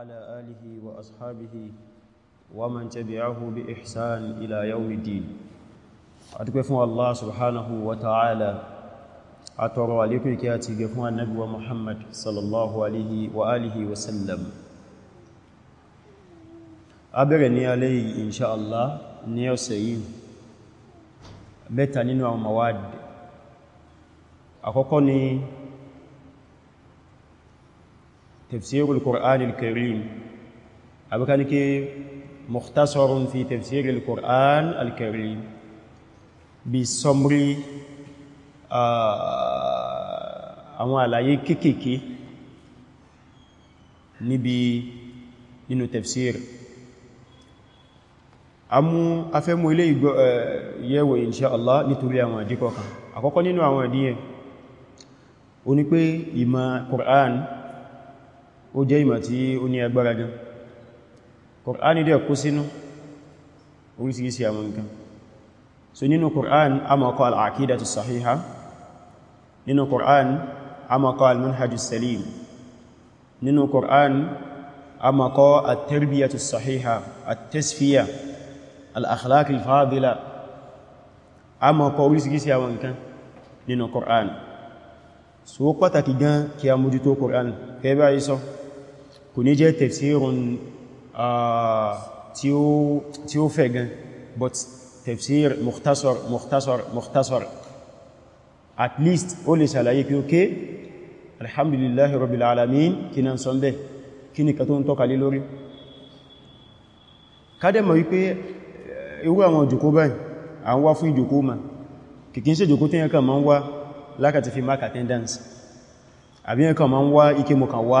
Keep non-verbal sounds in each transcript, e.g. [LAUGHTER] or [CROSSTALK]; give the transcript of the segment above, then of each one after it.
وعلى آله وأصحابه ومن تبعه بإحسان إلى يوم الدين أتكفوا الله سبحانه وتعالى أترى لكم كاتب فوا النبي محمد صلى الله عليه وآله وسلم أبرني عليه إن شاء الله نيوسين بيتا نينو مواد أكوكوني تفسير القرآن الكريم أبو كان كي مختصر في تفسير القرآن الكريم بسمري àwọn àlàyé kéèkèé níbi nínú tafsir amú afẹ́mú ilé ìgbọ́ yẹ̀wò insha Allah nítorí àwọn àdíkọ̀ọ̀kan àkọ́kọ́ nínú àwọn àdíyẹ o ní pé ìmọ̀ Qur'an ó jẹ́ ìmọ̀ tí ó ní agbára gan Kùránì dẹ̀ kó sínú orísìírísìí àwọn nǹkan so nínú Kùránì a máa kọ́ al'aqidatu sahiha nínú Kùránì a máa kọ́ al-manhaju salim nínú Kùránì a máa kọ́ at-tarbiyatu sahiha at-tasfiya al-akhlaq al-fadila a orísìírísìí àwọn nǹkan nínú Kùránì so pàtàkì gan kí a mójútó Kùránì kẹ́ bá yí sọ́ so, kò ní jẹ́ tafsirun tí ó fẹ̀ gan but tafsir mukhtasar mukhtasar mukhtasar at least ó lè ṣàlàyé pé ókè alhamdulillahi rabbil alamin kí na sọ bẹ́ kí ni ka tó ń tọ́ka lé lórí kádẹ̀mọ̀ wípé eh, irú àwọn òjòkó báyìí a ń wá fún ìjòkó ma kìkín sí ìjòkó tí yẹn kàn ma ń wá lákàtí fi mark attendance àbí yẹn kàn ma ń wá ike mọ̀kàn wá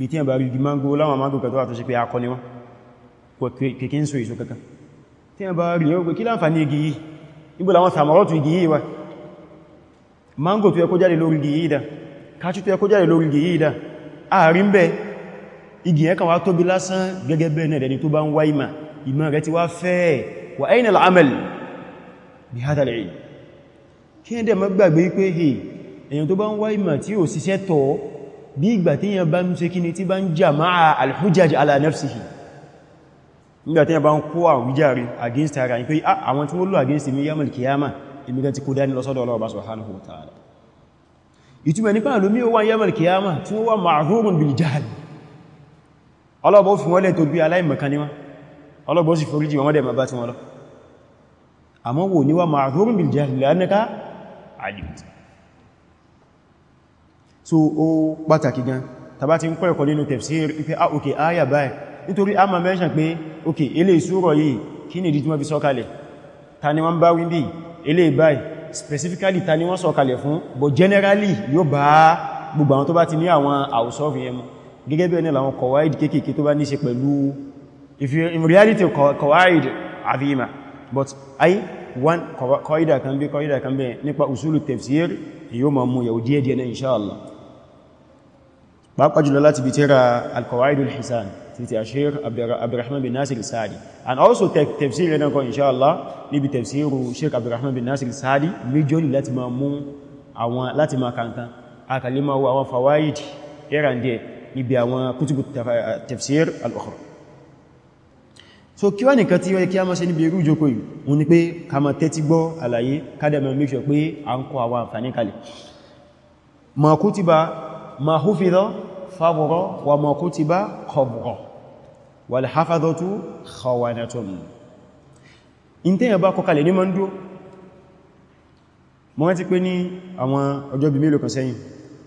bí tí ẹ̀bà rígi mango láwọn mango kẹtọ́ àtọ́ sí pé akọ ni wọ́n kèkè ń so èso kankan tí ẹ̀bà rí ó pé kí láǹfàní igi yìí níbo láwọn sàmọ́rọ̀tù igi yìí wá mango tó ẹkó jáde lórí igi yìí dá káṣù tó ẹkó jáde lórí igi yìí dá ààrin bẹ́ igi yẹn wá tóbi lásán gẹ́gẹ́ bẹ́ẹ̀ bí ìgbà tí yẹn bá ń ṣe kíni tí bá ń jama'a alhujjaj ala nafsihi nígbà tí yẹn bá ń kó àwíjàre against ara ní pé ah, àwọn tí wọ́n lò against mi yamal kiyama imi gan ti kó dání lọ́sọ́dọ̀ ọlọ́ọ̀bá subhanahu wa ta'ala ìtumẹ̀ nípa àlómí ó wá yamal kiyama tí wọ́n wá ma'hurun bil jahl ọlọ́bọ̀ fi wọ́n lẹ́ tó bí aláìmọ̀kan ni wọ́n ọlọ́bọ̀ sì foríjì wọn mọ́dẹ̀ mọ̀bá tí wọ́n lọ àmọ́ wò ní wá ma'hurun bil so ó pàtàkì gan tàbá ti ń kọ́ ẹ̀kọ́ nínú tafsir pé ah ok ayà báyìí nítorí a ma mention pé ok ilé ìṣúrọ̀ yìí kí ni ìdí tí wọ́n fi sọ́kalẹ̀ ta ni wọ́n bá wí bí ilé báyìí specifically ta ni wọ́n sọ́kalẹ̀ fún but generally yóò bá gbogbo àwọn tó bá ti ní àwọn àwùsọ́ fi ẹmu gẹ́gẹ́ bí ẹni làwọn kọwàáìdì kéèkéé tó bá ní ṣe pẹ̀lú if you in reality kọwàáìdì àfihìmà but ayi one kọwàáìdà kan bí kọwàáìdà kan bẹ̀ nípa usulu tafsir yóò ma mú yau díẹ̀díẹ̀ na insha Allah pàápàá jùlọ láti bí tírà al-qawaidul hisan títí ashir abdurrahman bin nasir sa'adi and also tafsir yana kan inṣáàlá níbi tafsiru sheik abdurrahman bin nasir sa'adi méjọ́lì láti ma mú àwọn láti ma kankan akàlí ma wo àwọn fawaid ẹran díẹ̀ níbi àwọn kútùbù tafsir eh, al so kí wá nìkan tí ó yẹ kí a máa ṣe níbi irú ìjókòó yìí wọ́n ní pé ká máa tẹ́tí gbọ́ àlàyé kádẹ̀mọ̀ make pé a ń kọ àwọn àǹfàní kalẹ̀ ma kutiba ma hufidha fabura wa ma kutiba qabra wal hafadhatu khawanatun in tẹ́yàn bá kọkalẹ̀ ní mọ́ndó mọ́ wọ́n ti pé ní àwọn ọjọ́ bí mélòó kan sẹ́yìn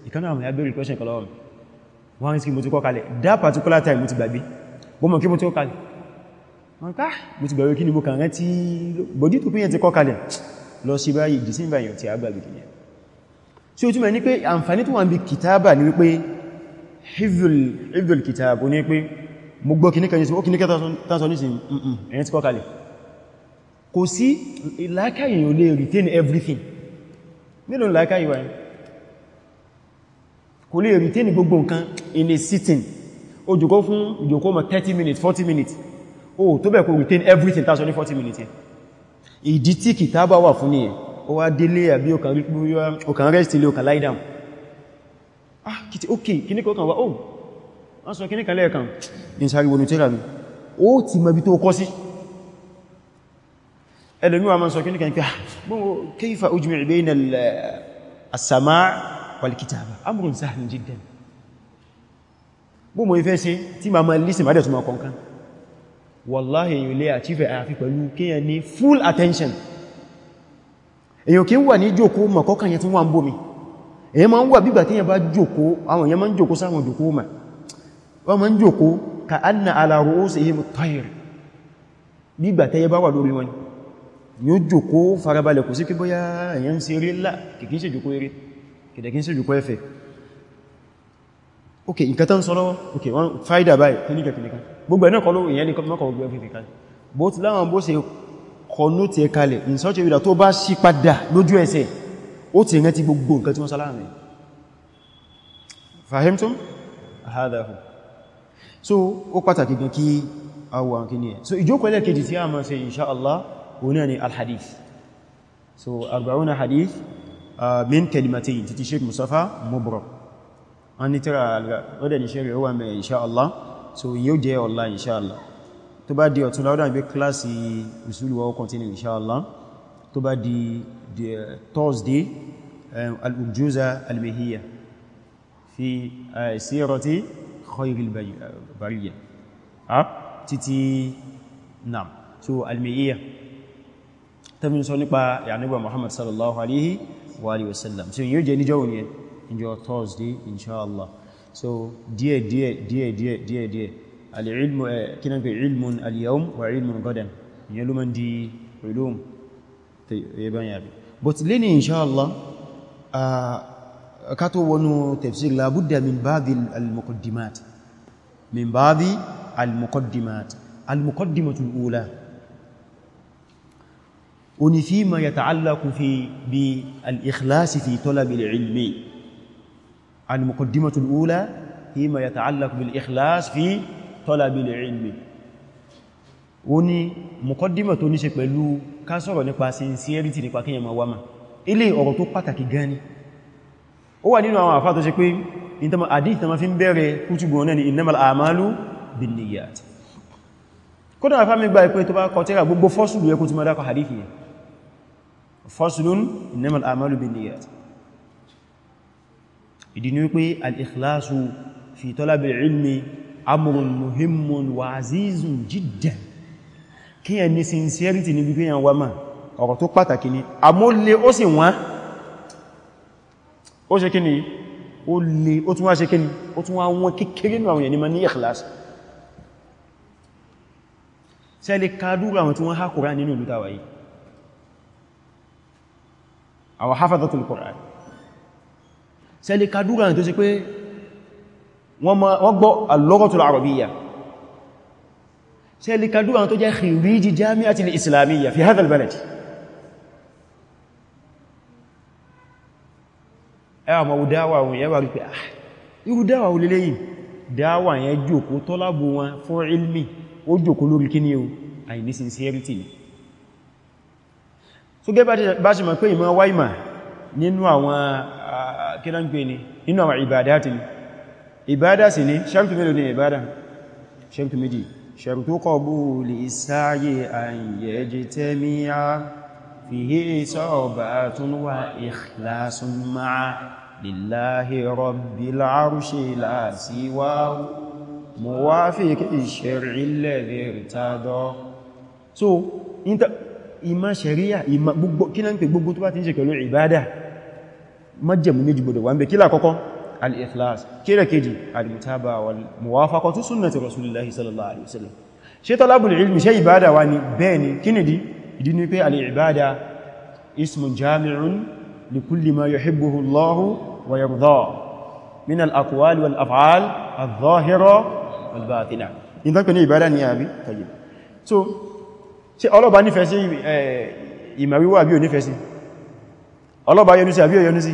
ìkaná àwọn abẹ́rẹ̀ question kan lọ́wọ́ wọ́n tí mo lọ sí báyìí dìsínbà èèyàn ti àgbàgbé kìnyàn sí o túnmọ̀ ní pé àǹfàní tó wà ń bí kìtàbà ní wípé hifdul kìtàbà ní wípé mo gbọ́ kìníkà ní sí ó kìníkà tásọ ní sí ẹ̀yẹn tí kọ́ kalẹ̀ kò sí lákàyìn ò lè retain everything mélòó lákàyìn wáyé kò retain gbogbo nǹkan in a sitting ó jòkó fún minutes 40 minutes ó tó bẹ̀ retain everything tásọ ní minutes ìdí tí kìtàbà wà ó wá délé àbí òkàn rest ilé òkàn láìdám ah kìtì ok kìní kọkàn wá oh wọ́n sọ kìní kalẹ̀ kan in sáré wọnú tíra mi ó ti mọ̀ bí tó kọ́ sí ẹlòmí wa ma sọ kìní kan pé ah, kayfa ujmi' bayna as-sama' kitaba amrun sahlun jiddan mo ifẹ́ sí tí ma ma lísìn máa dẹ̀ tún ma kọ̀ọ̀kan wallahi full attention èyàn kí ń wà ní jòkó mọ̀ kọ́kàn yẹn tí wọ́n ń bómi èyàn ma ń wà bígbà tí yẹn bá jòkó àwọn èyàn ma ń jòkó sáwọn jòkó mà wọ́n ma ń jòkó ka anna ala ru'usihim at-tayr bígbà tẹ́yẹ bá wà lórí wọn yóò jòkó farabalẹ̀ kò sí kí bóyá èyàn sí eré ńlá kìkín sí jòkó eré kìdẹ̀kín sí jòkó ẹfẹ̀ ok nǹkan tán sọ lọ́wọ́ ok wọ́n fáìdà báyìí kìníkà kìníkà gbogbo kọ̀nú ti ẹkalẹ̀ in such a way that tó bá sí padà lójú ẹsẹ̀ ó ti rántí gbogbo nǹkan tí wọ́n sálà rẹ̀ fahimtum ahadáhù so ó pàtàkì gan kí àwọn kí ní ẹ̀ so ìjókòó ẹlẹ́kejì tí a máa ṣe insha Allah ni alhadith so arba'una hadith min kalimatayn títí Sheikh Mustafa Mubrak an ní tíra alga ó dẹ̀ ní so yóò jẹ́ ọ̀la insha Allah tó bá di ọ̀tún láwọ́dá ìgbé kíláàsì usulu wa ó continue inshallah tó bá di eh, thursday eh, al-ujuza al-mahiyya fi eh, sirati khairil bariyya a títí nam so al-mahiyya tàbí sọ nípa yànígbà muhammad sallallahu alaihi wa alihi wasallam so yíò jẹ níjọ́ òní ẹ̀ níjọ́ thursday inshallah so díẹ̀ díẹ̀ díẹ̀ العلم آه، كنا في علم اليوم وعلم غدا يلوم دي علوم يبان يابي بس لين ان شاء الله آه، كاتو ونو تفسير لابد من بعض المقدمات من بعض المقدمات المقدمة الأولى أني فيما يتعلق في بالإخلاص في طلب العلم المقدمة الأولى فيما يتعلق بالإخلاص في talabil ilmi ó ní mukaddima tó ní ṣe pẹ̀lú ká sọ̀rọ̀ nípa sincerity nípa kíyàn ma wá ma ilé ọ̀rọ̀ tó pàtàkì gan ni ó wà nínú àwọn àfá tó ṣe pé àdíì tàmà fi ń bẹ̀rẹ̀ kútùbù náà ni innamal a'malu binniyat kódà àfá mi gba ìpé tó bá fi talabil ilmi amrun muhimmun wa azizun jiddan kí ẹni sincerity ní bí kíyàn wá máa ọ̀rọ̀ tó pàtàkì ni àmúlé ó sì wọ́n ó ṣe kí ni ó lè ó tún wá ṣe kí ni ó tún wá wọ́n kékeré ní àwọn ènìyàn ní ikhlas sẹ́lẹ̀ kádúrú àwọn tí wọ́n há Kùránì nínú ìlú tàwà yìí àwọn hafazatul Kùránì sẹ́lẹ̀ kádúrú àwọn tó ṣe pé wọ́n gbọ́ al-lughatul arabiyya ṣe lè kàdú àwọn tó jẹ́ khiriji jami'atil islamiyya fi hadha al-balad ẹwà ma wù dáwà wọn yẹwà rí pé ah irú dáwà wù lélẹ́ yìí dáwà yẹn jòkó tọ́lábù wọn fún ilmi ó jòkó lórí kí ní o àìní sincerity ni so gẹ́ bá ṣe mọ̀ pé ìmọ̀ wáìmà nínú àwọn ah, kí ìbádà sì ní ṣẹ́rùtù mélòó ní ìbádà ṣẹ́rùtù méjì ṣẹ́rùtù kọbú lè sáyé àyẹ̀ jẹ tẹ́míyà fi hé sọ́ọ̀bà tún wà ìhlásún máa lillahi rabbil arshi la so ìmá ṣẹ̀ríyà ìmá gbogbo kí náà ń pè gbogbo tó bá ti ń ṣe pẹ̀lú ìbádà al-ikhlas kíra kejì al-mutaba wal muwafaqatu sunnati rasulillahi sallallahu alaihi wasallam ṣe talabul ilmi ṣe ibada wa ni bẹ́ẹ̀ ni kí ni di ìdí ni pé al-ibada ismun jami'un li kulli ma yuhibbuhu Allahu wa yarda min al wal af'al adh-dhahira wal batina in ta so ṣe ọlọ́ba nífẹ̀ẹ́ sí eh, ìmàwíwà bí ò nífẹ̀ẹ́ sí ọlọ́ba yọ́nú sí àbí ò sí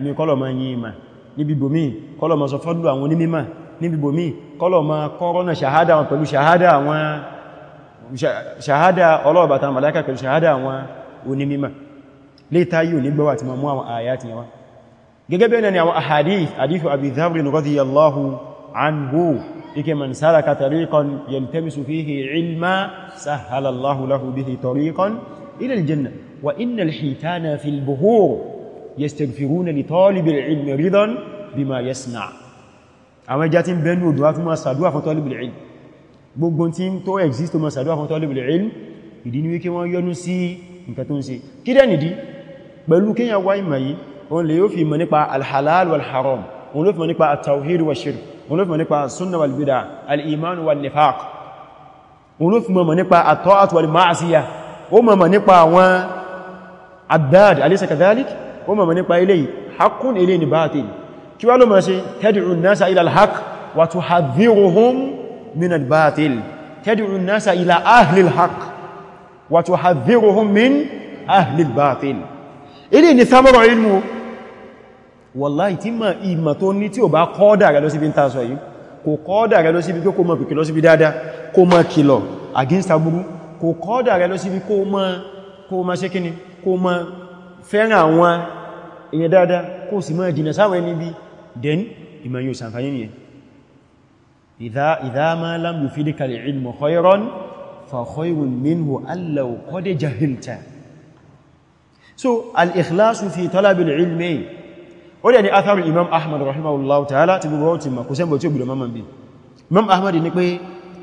ní kọ́lọ̀ ma yí ìmà níbi bòmí kọ́lọ̀ ma sọ fọ́dúlù àwọn onímímà níbi bòmí kọ́lọ̀ ma kọ́rọ́nà ṣàhádà wọn pẹ̀lú ṣàhádà àwọn ṣàhádà ọlọ́ọ̀bàtà màláíkà pẹ̀lú ṣàhádà àwọn onímímà lè táyí ò nígbọ́wà ti ma mú àwọn àyà ti wọn gẹ́gẹ́ bẹ́ẹ̀ ni àwọn ahadith hadithu abi dhabrin radiyallahu anhu ike man saraka tariqan yaltamisu fihi ilma wa inna alhitana fil buhur yastaghfiruna li talibil ilmi ridan bima yasna àwọn ẹja tí ń bẹnu odò á tún máa sàdúwà fún talibil ilmi gbogbo tí ń tó exist tó máa sàdúwà fún talibil ilmi ìdí ni wíkí wọ́n yọnú sí nǹkan tó ń ṣe kí dẹ̀ nìdí pẹ̀lú kíyàn wá ìmọ̀ yìí wọ́n lè yóò fi mọ̀ nípa alhalal wal haram wọ́n lè fi mọ̀ nípa at-tawhid wa shirk wọ́n lè fi mọ̀ nípa adad alaysa kadhalik ó mọ̀ nípa eléyìí haqqun eléyìí ni batil kí wá ló mọ̀ sí tad'u an-nasa ila al-haqq wa tuhadhdhiruhum min al-batil tad'u an-nasa ila ahli al-haqq wa tuhadhdhiruhum min ahli al-batil eléyìí ni thamara ilmu wallahi tí ma ìmọ̀ tó ní tí ò bá kọ́dà rẹ̀ lọ síbi ń ta sọ yìí kò kọ́dà rẹ̀ lọ lọ síbi dáadáa kó mọ̀ ṣe kíni kó mọ̀ fẹ́ràn àwọn èyàn dáadáa kó sì máa jìnà sáwọn ẹni bí den ìmọ̀ yóò sàǹfàní ni idha ma lam yufidika al-ilmu khayran fa khayrun minhu jahilta so al-ikhlasu fi talab al-ilmi ó dẹ̀ ni atharu imam ahmad rahimahullahu ta'ala ti gbogbo ọtí ma kò sẹ́mbọ̀ tí ó gbùdọ̀ mamman bí imam ahmad ni pé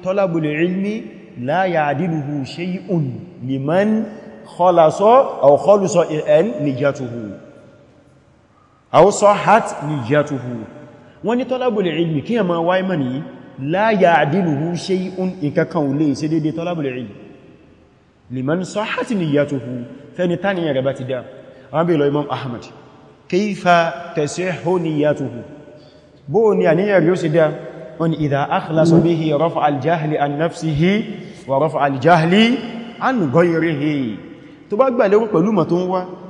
talabu al aw sahhat niyatuhu wọ́n ní talabul ilmi kí yẹn ma wá ìmọ̀ nìyí la ya'diluhu shay'un ìkankan olè ṣe dédé talabul ilmi liman sahhat niyatuhu fẹ́ni tani yẹn gaba ti dá wọ́n bí lọ imam ahmad kayfa tasihhu niyatuhu bó ni àníyàn rí ó sì dá wọ́n ni idha akhlasa bihi raf'a al-jahli an nafsihi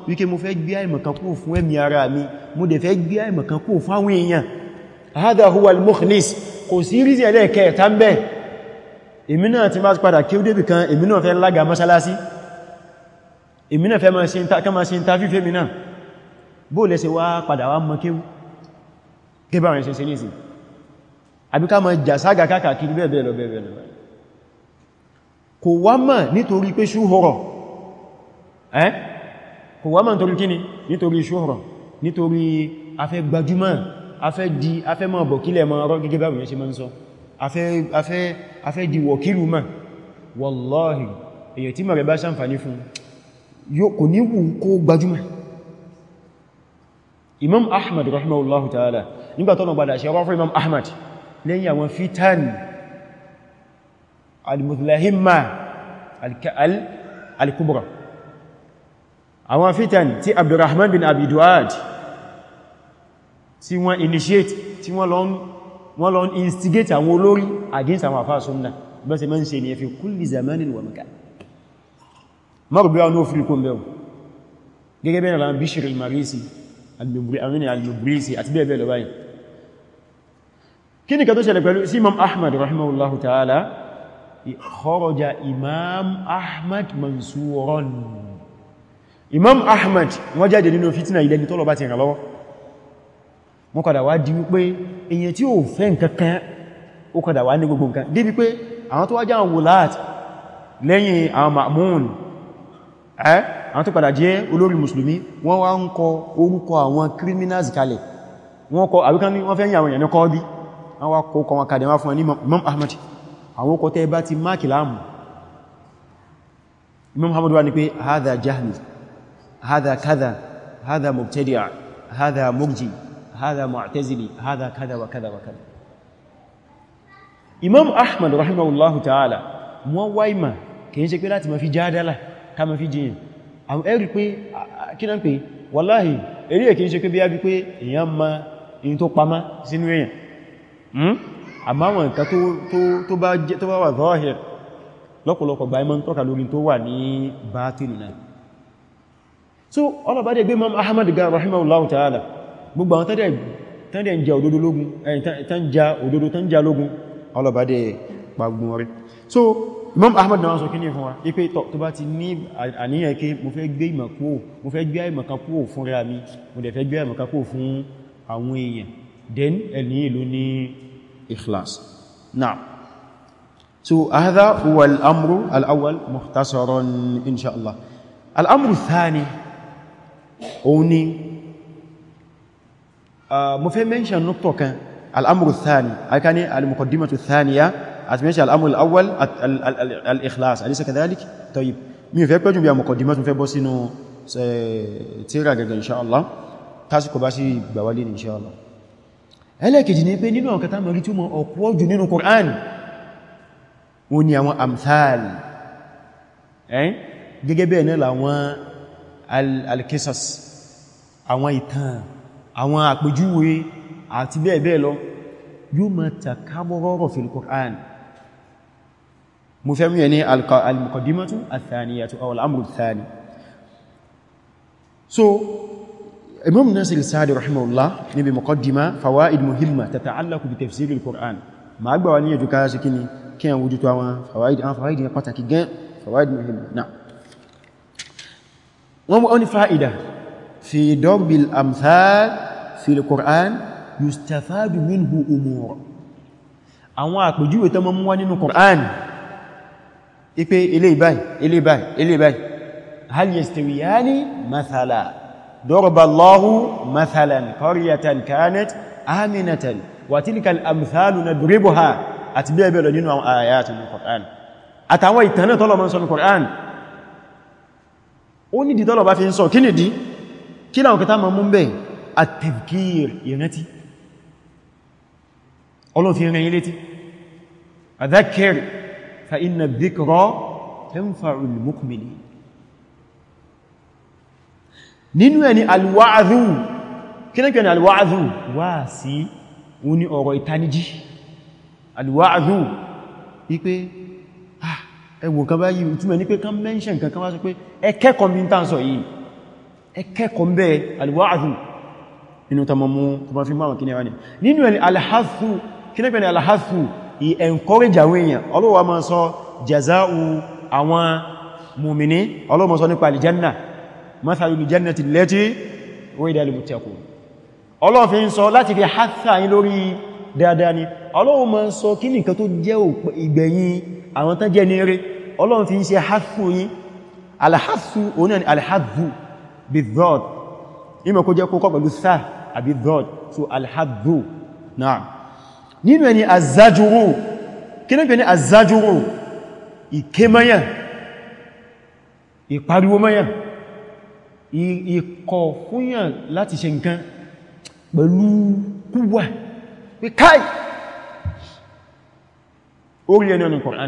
wíké mo fẹ́ gbé àìmọ̀kan kúrò fún ẹ̀mí ara mi mo dẹ̀ fẹ́ gbé àìmọ̀kan kúrò fún àwọn èèyàn hadha huwa al-mukhlis kò sí rízì ẹlẹ́ẹ̀kẹ́ ẹ̀ta ń bẹ́ èmi náà ti máa padà kí ó débì kan èmi náà fẹ́ lága mọ́sálásí èmi náà fẹ́ máa ṣe ń ta fífẹ́ mi náà kò wá mọ̀ nítorí pé ṣú ẹ́ kò wá mọ̀ nítorí kíni nítorí ṣóhùrọ̀ nítorí afẹ́ gbajúmọ̀ afẹ́ di afẹ́ mọ̀ bọ̀ kílẹ̀ mọ̀ ọ̀rọ̀ gẹ́gẹ́ báwọn yẹn ṣe mọ́ ń sọ afẹ́ di wọ̀kílù mọ̀ wallahi èyàn tí mọ̀ rẹ̀ bá ṣàǹfàní fún kò ní wù kó gbajúmọ̀ imam ahmad rahimahullahu ta'ala nígbà tọ́nà gbada ṣe rọ́fún al kubra àwọn fitan tí abdurrahman bin abiduad tí wọ́n initiate tí wọ́n lọ instigate àwọn olórí against àwọn àfáà súnnà bẹ́ se mẹ́rin se ní ẹfẹ́ kulli zamanin wa makan mọ́rùbíwá ní òfin kó mẹ́rù gẹ́gẹ́ bẹ́ẹ̀ lára bishir al-marisi al-mubrisi àti bẹ́ẹ̀ bẹ́ẹ̀ lọ báyìí kí ni ka ahmad rahimahullahu ta'ala kharaja imam ahmad mansuran Imam Ahmad wọ́n jáde nínú fitina ilẹ̀ni tọ́lọ bá ti rà lọ́wọ́ wọ́n kọ̀dà wá di wípé èyàn tí ó fẹ́ nǹkankan ó kọ̀dà wá ní gbogbo nǹkan débi pé àwọn tó wá jáwọn wùláàtì lẹ́yìn àwọn ma'amun ẹ́ àwọn tó padà jẹ́ olórí mùsùlùmí wọ́n wá ń kọ orúkọ àwọn criminals kalẹ̀ wọ́n kọ àbíkan ní wọ́n fẹ́ yìn هذا كذا هذا مبتدع هذا مرجي هذا معتزلي هذا كذا وكذا وكذا Imam Ahmad rahimahullahu ta'ala wọ́n wáìmà kìí ṣe pé láti ma fi jádálà ká ma fi jíyàn àwọn ẹ̀rí pé kí náà pé wàláhì eré kìí ṣe pé bí ábí pé èyàn ma in tó pamá sínú èyàn àmá wọn nǹkan tó bá wà zahir lọ́pọ̀lọpọ̀ gbáyìmọ́ tọ́ka lórí tó wà ní bátínù náà so ọlọ́bá dẹ̀ gbé Imam Ahmad gan rahimahullahu ta'ala gbogbo àwọn tẹ́dẹ̀ ń ja òdodo lógun tẹ́nja òdodo tẹ́nja lógun ọlọ́bá dẹ̀ pàgbùn rí so Imam Ahmad náà sọ kíní fún wa ipé tó bá ti ní àníyàn kí mo fẹ́ gbé ìmọ̀kúò mo fẹ́ gbé ìmọ̀kúò fún ra mi mo dẹ̀ fẹ́ gbé ìmọ̀kúò fún àwọn èèyàn then ẹni ìlú ní ikhlas now al-amru thani òun ni mo fẹ́ mẹ́ṣẹ̀ nọ́tọ̀ kan al'amuru thani aka ní al-muqaddimatu thaniya àti mẹ́ṣẹ̀ al'amuru al'awwal al-ikhlas alisa kadhalik tayyib mi fẹ́ pẹ́jù bí a muqaddimatu fẹ́ bọ́ sínú tíra gẹ̀gẹ̀ inṣáàlá tásìkò bá sí gbàwálé ní inṣáàlá ẹlẹ́kejì ni pé nínú àwọn kata mọ̀rí tí alkisas àwọn ìtàn àwọn àpèjúwe àti bẹ́ẹ̀ bẹ́ẹ̀ lọ yóò ma takamọ́rọ̀ fi al-Qur'an mo fẹ́ mú yẹ ní al-muqaddimatu al-thaniyatu so imam nasir al-sa'di rahimahullah níbi muqaddima fawaid muhimma tata'allaqu bi tafsir al-Qur'an ma gbà wá ní ẹjù káyà sí kíni kí àwọn wujútu àwọn fawaid yẹn pàtàkì wọ́n ní fa'ida fi darbil amthal fil Qur'an yustafadu minhu umur àwọn àpèjúwe tó mọ́ mú wá nínú Qur'an ipé ilé ìbáyìí ilé ìbáyìí ilé ìbáyìí hal yastawiyani mathala darballahu mathalan qaryatan kanat aminatan wa tilka al-amthalu nadribuha àti bẹ́ẹ̀ bẹ́ẹ̀ lọ nínú àwọn ayatul àtàwọn ìtàn náà tọ́lọ ó ní ìdí tọ́lọ̀ bá fi ń sọ kí ní ìdí kí náà kẹta ma mú bẹ̀ àtẹ̀kìr ìrántí ọlọ́fin rẹ̀ ilétí àdákẹ́rì fa inna dhikra tanfa'ul mu'minin nínú ẹni alwa'adhu ẹwò kan bá yìí ìtumọ̀ ní pé kan mention kan kan wá sọ pé ẹkẹ́kọ̀ọ́ bí n tàn sọ yìí ẹkẹ́kọ̀ọ́ bẹ́ alwáàdù inú tamamu tó bá fi máa kí ní ẹwà ní nínú alhassu kí ní pẹ̀lú alhassu ì encourage àwọn èèyàn ọlọ́wà máa sọ jaza'u àwọn mùmìní ọlọ́wà sọ nípa alìjanna mathalu aljannati allati wa'ida almuttaqun ọlọ́wà fi ń sọ láti àwọn tán jẹ́ ní eré ọlọ́run fi ń ṣe hassu yí alhassu oní ni alhassu bí zod ìmọ̀ kó jẹ́ kókọ́ pẹ̀lú sáà àbí zod so alhassu náà nínú ẹni azajuru kí ní pẹ̀ ní azajuru ìké mẹ́yà ìpariwo mẹ́yà ìkọ̀ fúnyàn láti ṣe nǹkan pẹ̀lú kúwà pé orí ẹni ọ̀nà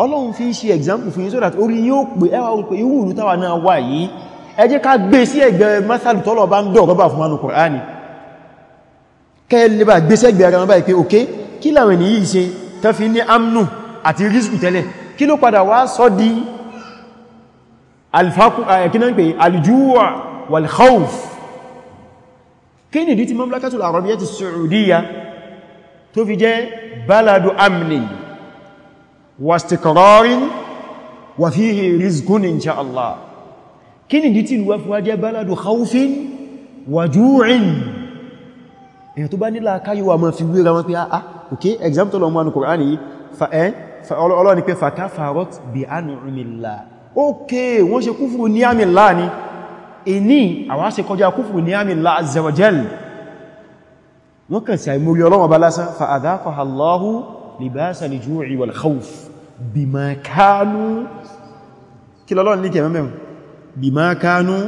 ọlọ́run fi ń ṣe example fún yín so that orí yóò pè ẹwà òpè ìwú ìlú tàwà náà wà yìí ẹ jẹ́ ká gbé sí ẹgbẹ́ masalu tọ́lọ̀ bá ń dọ̀ rọ́bà fún manu Kùránì kẹ́lẹ́bà gbé sí ẹgbẹ́ ara báyìí pé ok kí làwọn ènìyàn yìí ṣe tán fi ní amnu àti risku tó fi jẹ́ baladu amni واستقرار وفيه رزق إن شاء الله كين دي تلوى فواجه بلد خوف وجوع èyàn tó bá nílá káyíwà ma fi wíra wọn pé àá ah, ah, ok example lọ mọ́nu kòránì fa'ẹ́ ọlọ́ ni pé fàká farot bí ánù ìmìlá ok wọ́n ṣe kúfùrù ní àmìlá ni ìní àwá ṣe kọjá kúfùrù ní àmìlá azẹ̀wọ̀jẹ́l wọ́n kàn sí àìmórí ọlọ́wọ̀ libasa al-ju'i wal-khawf bima kanu kí lọ́lọ́ ní kẹ̀mẹ́ mẹ́rin bima kanu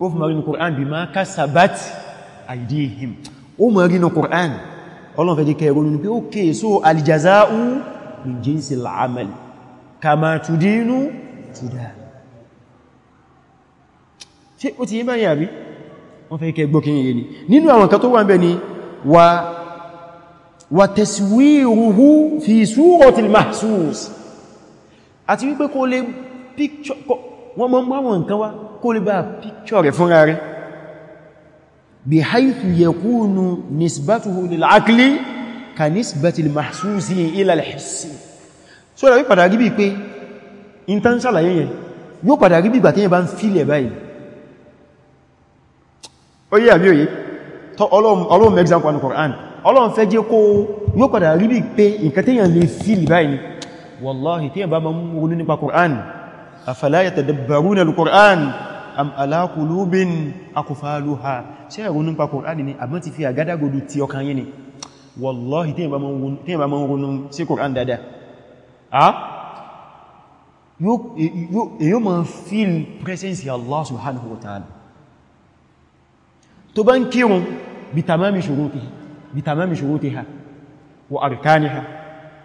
ó fún marinu Qur'an bima kasabat aydihim ó marinu Qur'an ọlọ́n fẹ́ jẹ́ kẹrọ nínú pé ó kèé so al-jaza'u min jinsil amal kama tudinu tudan ṣe ó ti yí báyìí àbí wọ́n fẹ́ kẹ gbọ́kín yìí ni nínú àwọn kan tó wà ń bẹ ni wa وتسويره في سورة المحسوس àti wípé kó lè picture wọ́n mọ́ mọ́ wọn kan wá kó lè bá picture rẹ̀ fúnra rẹ̀ بحيث يكون نسبته للعقل كنسبة المحسوس إلى الحس so la padà rí bí pé intentional yẹn yóò padà rí bí ìgbà bá ń fílẹ̀ báyìí ọlọ́run fẹ́ jẹ́ kó yóò padà rí bí pé nǹkan téèyàn lè fíìlì báyìí wallahi téèyàn bá máa ń ronú nípa Qur'an afala yatadabbaruna al-Qur'an am ala qulubin aqfaluha ṣé ronú nípa Qur'an ni àbọ́n fi àgádágodo ti ni wallahi téèyàn bá máa ń ronú sí Qur'an dáadáa yóò máa feel presence Allah kírun bí tamami shurutihi بتمام شروطها وأركانها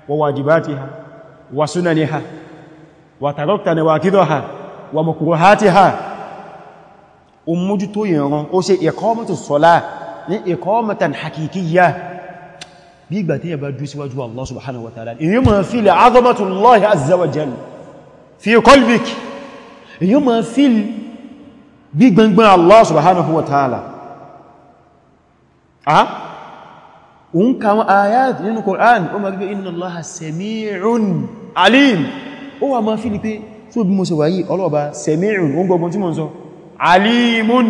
وواجباتها وسننها وتركت نواكدها ومكروهاتها omojuto ìran ó ṣe iqamatu sọ́lá ní iqamatan hakikiyya bí ìgbà tí yà bá dú síwájú Allah subhanahu wa ta'ala èyí ma fi lè azamatullahi azza wa jalla fi qalbik èyí ma fi bí gbangban Allah subhanahu wa ta'ala òun kàwọn ayat nínú Qur'an ó ma rí pé inna Allaha sami'un alim ó wà máa fi ní pé tó bí mo ṣe wáyé ọlọ́ọ̀bá sami'un ó gbogbo tí mo ń sọ alimun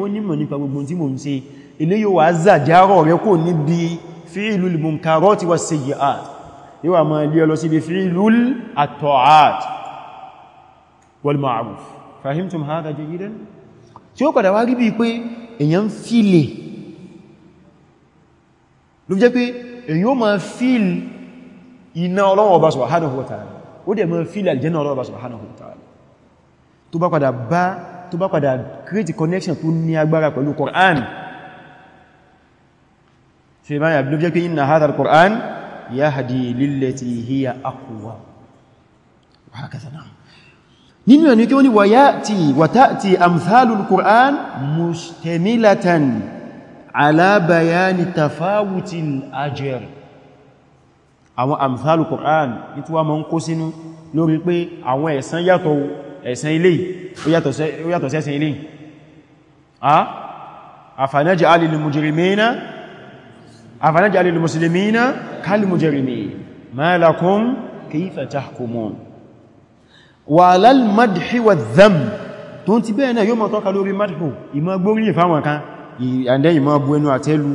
ó nímọ̀ nípa gbogbo tí mo ń ṣe ilé yóò wá zàjárọ̀ rẹ kò níbi fi'lul munkarati ló jẹ́ pé èyí ó ma fíl iná Ọlọ́run Ọba subhanahu wa ta'ala ó dẹ̀ ma fíl aljanna Ọlọ́run Ọba subhanahu wa ta'ala tó bá padà bá tó bá padà create connection tó ní agbára pẹ̀lú Qur'an ṣe báyà ló jẹ́ pé inna hadha al-Qur'an yahdi lillati hiya aqwa wa hakadha nínú ẹni kí ó ní wa ya'ti wa ta'ti amthalul Qur'an mustamilatan ala bayani tafawutil ajr àwọn amthalu Qur'an ní tí wá mọ́ ń kó sínú lórí pé àwọn ẹ̀san yàtọ̀ ẹ̀san ilé ó yàtọ̀ sẹ́sìn ilé afanaj'alu lil mujrimina afanaj'alu lil muslimina kal mujrimin ma lakum kayfa tahkumun wa lal madhi wa dham tó ti and then ìmọ̀ bú ẹnu àtẹ́lù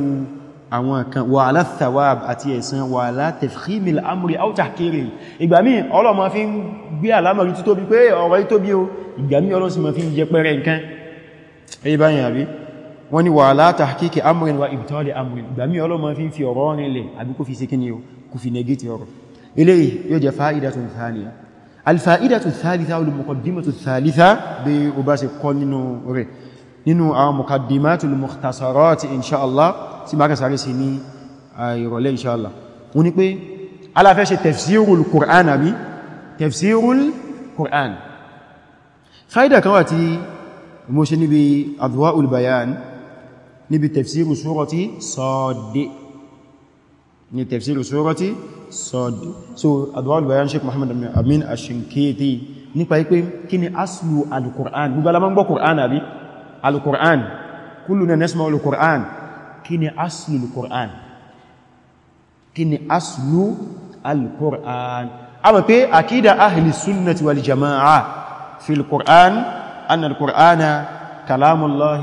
àwọn kan wà alátàwàb àti ẹ̀sán wà látẹ̀fìmìl amúrí áútà kéré ìgbàmí ọlọ́mọ fi ń gbé àlámọ̀rí tó tóbi pé ọ̀rọ̀ yí tóbi o ìgbàmí ọlọ́sí mọ̀ fi ń jẹ pẹ́rẹ nǹkan èyí báyìí àbí wọ́n ni wà látàkíkì amúrin wa ìbìtọ́lẹ̀ amúrin ìgbàmí ọlọ́mọ fi ń fi ọ̀rọ̀ rinlẹ̀ àbí kó fi ṣe kíni o kó fi negate ọ̀rọ̀ ilé yóò jẹ fa'idatun thaniya alfa'idatu nínú àwọn mukaddimatul mukhtasarati inṣáàlá tí ma kásàrí sí ní ìrọ̀lẹ́ inṣáàlá wọ́n ni pé aláfẹ́ ṣe tafsirul Qur'an àbí tafsirul Qur'an fáídà kan wà tí mo ṣe níbi adwa'ul bayan níbi tafsiru surati sọ́ọ̀dẹ̀ ni tafsiru surati sọ́ọ̀dẹ̀ so adwa'ul bayan Sheikh Muhammad Amin Ashinkiti nípa ipé kí ni aslu al al-Qur'an kulluna nasma al-Qur'an kíni aslu al-Qur'an kíni aslu al-Qur'an ama pé akida ahli sunnati wal jama'a fi al-Qur'an anna al-Qur'ana kalamu Allah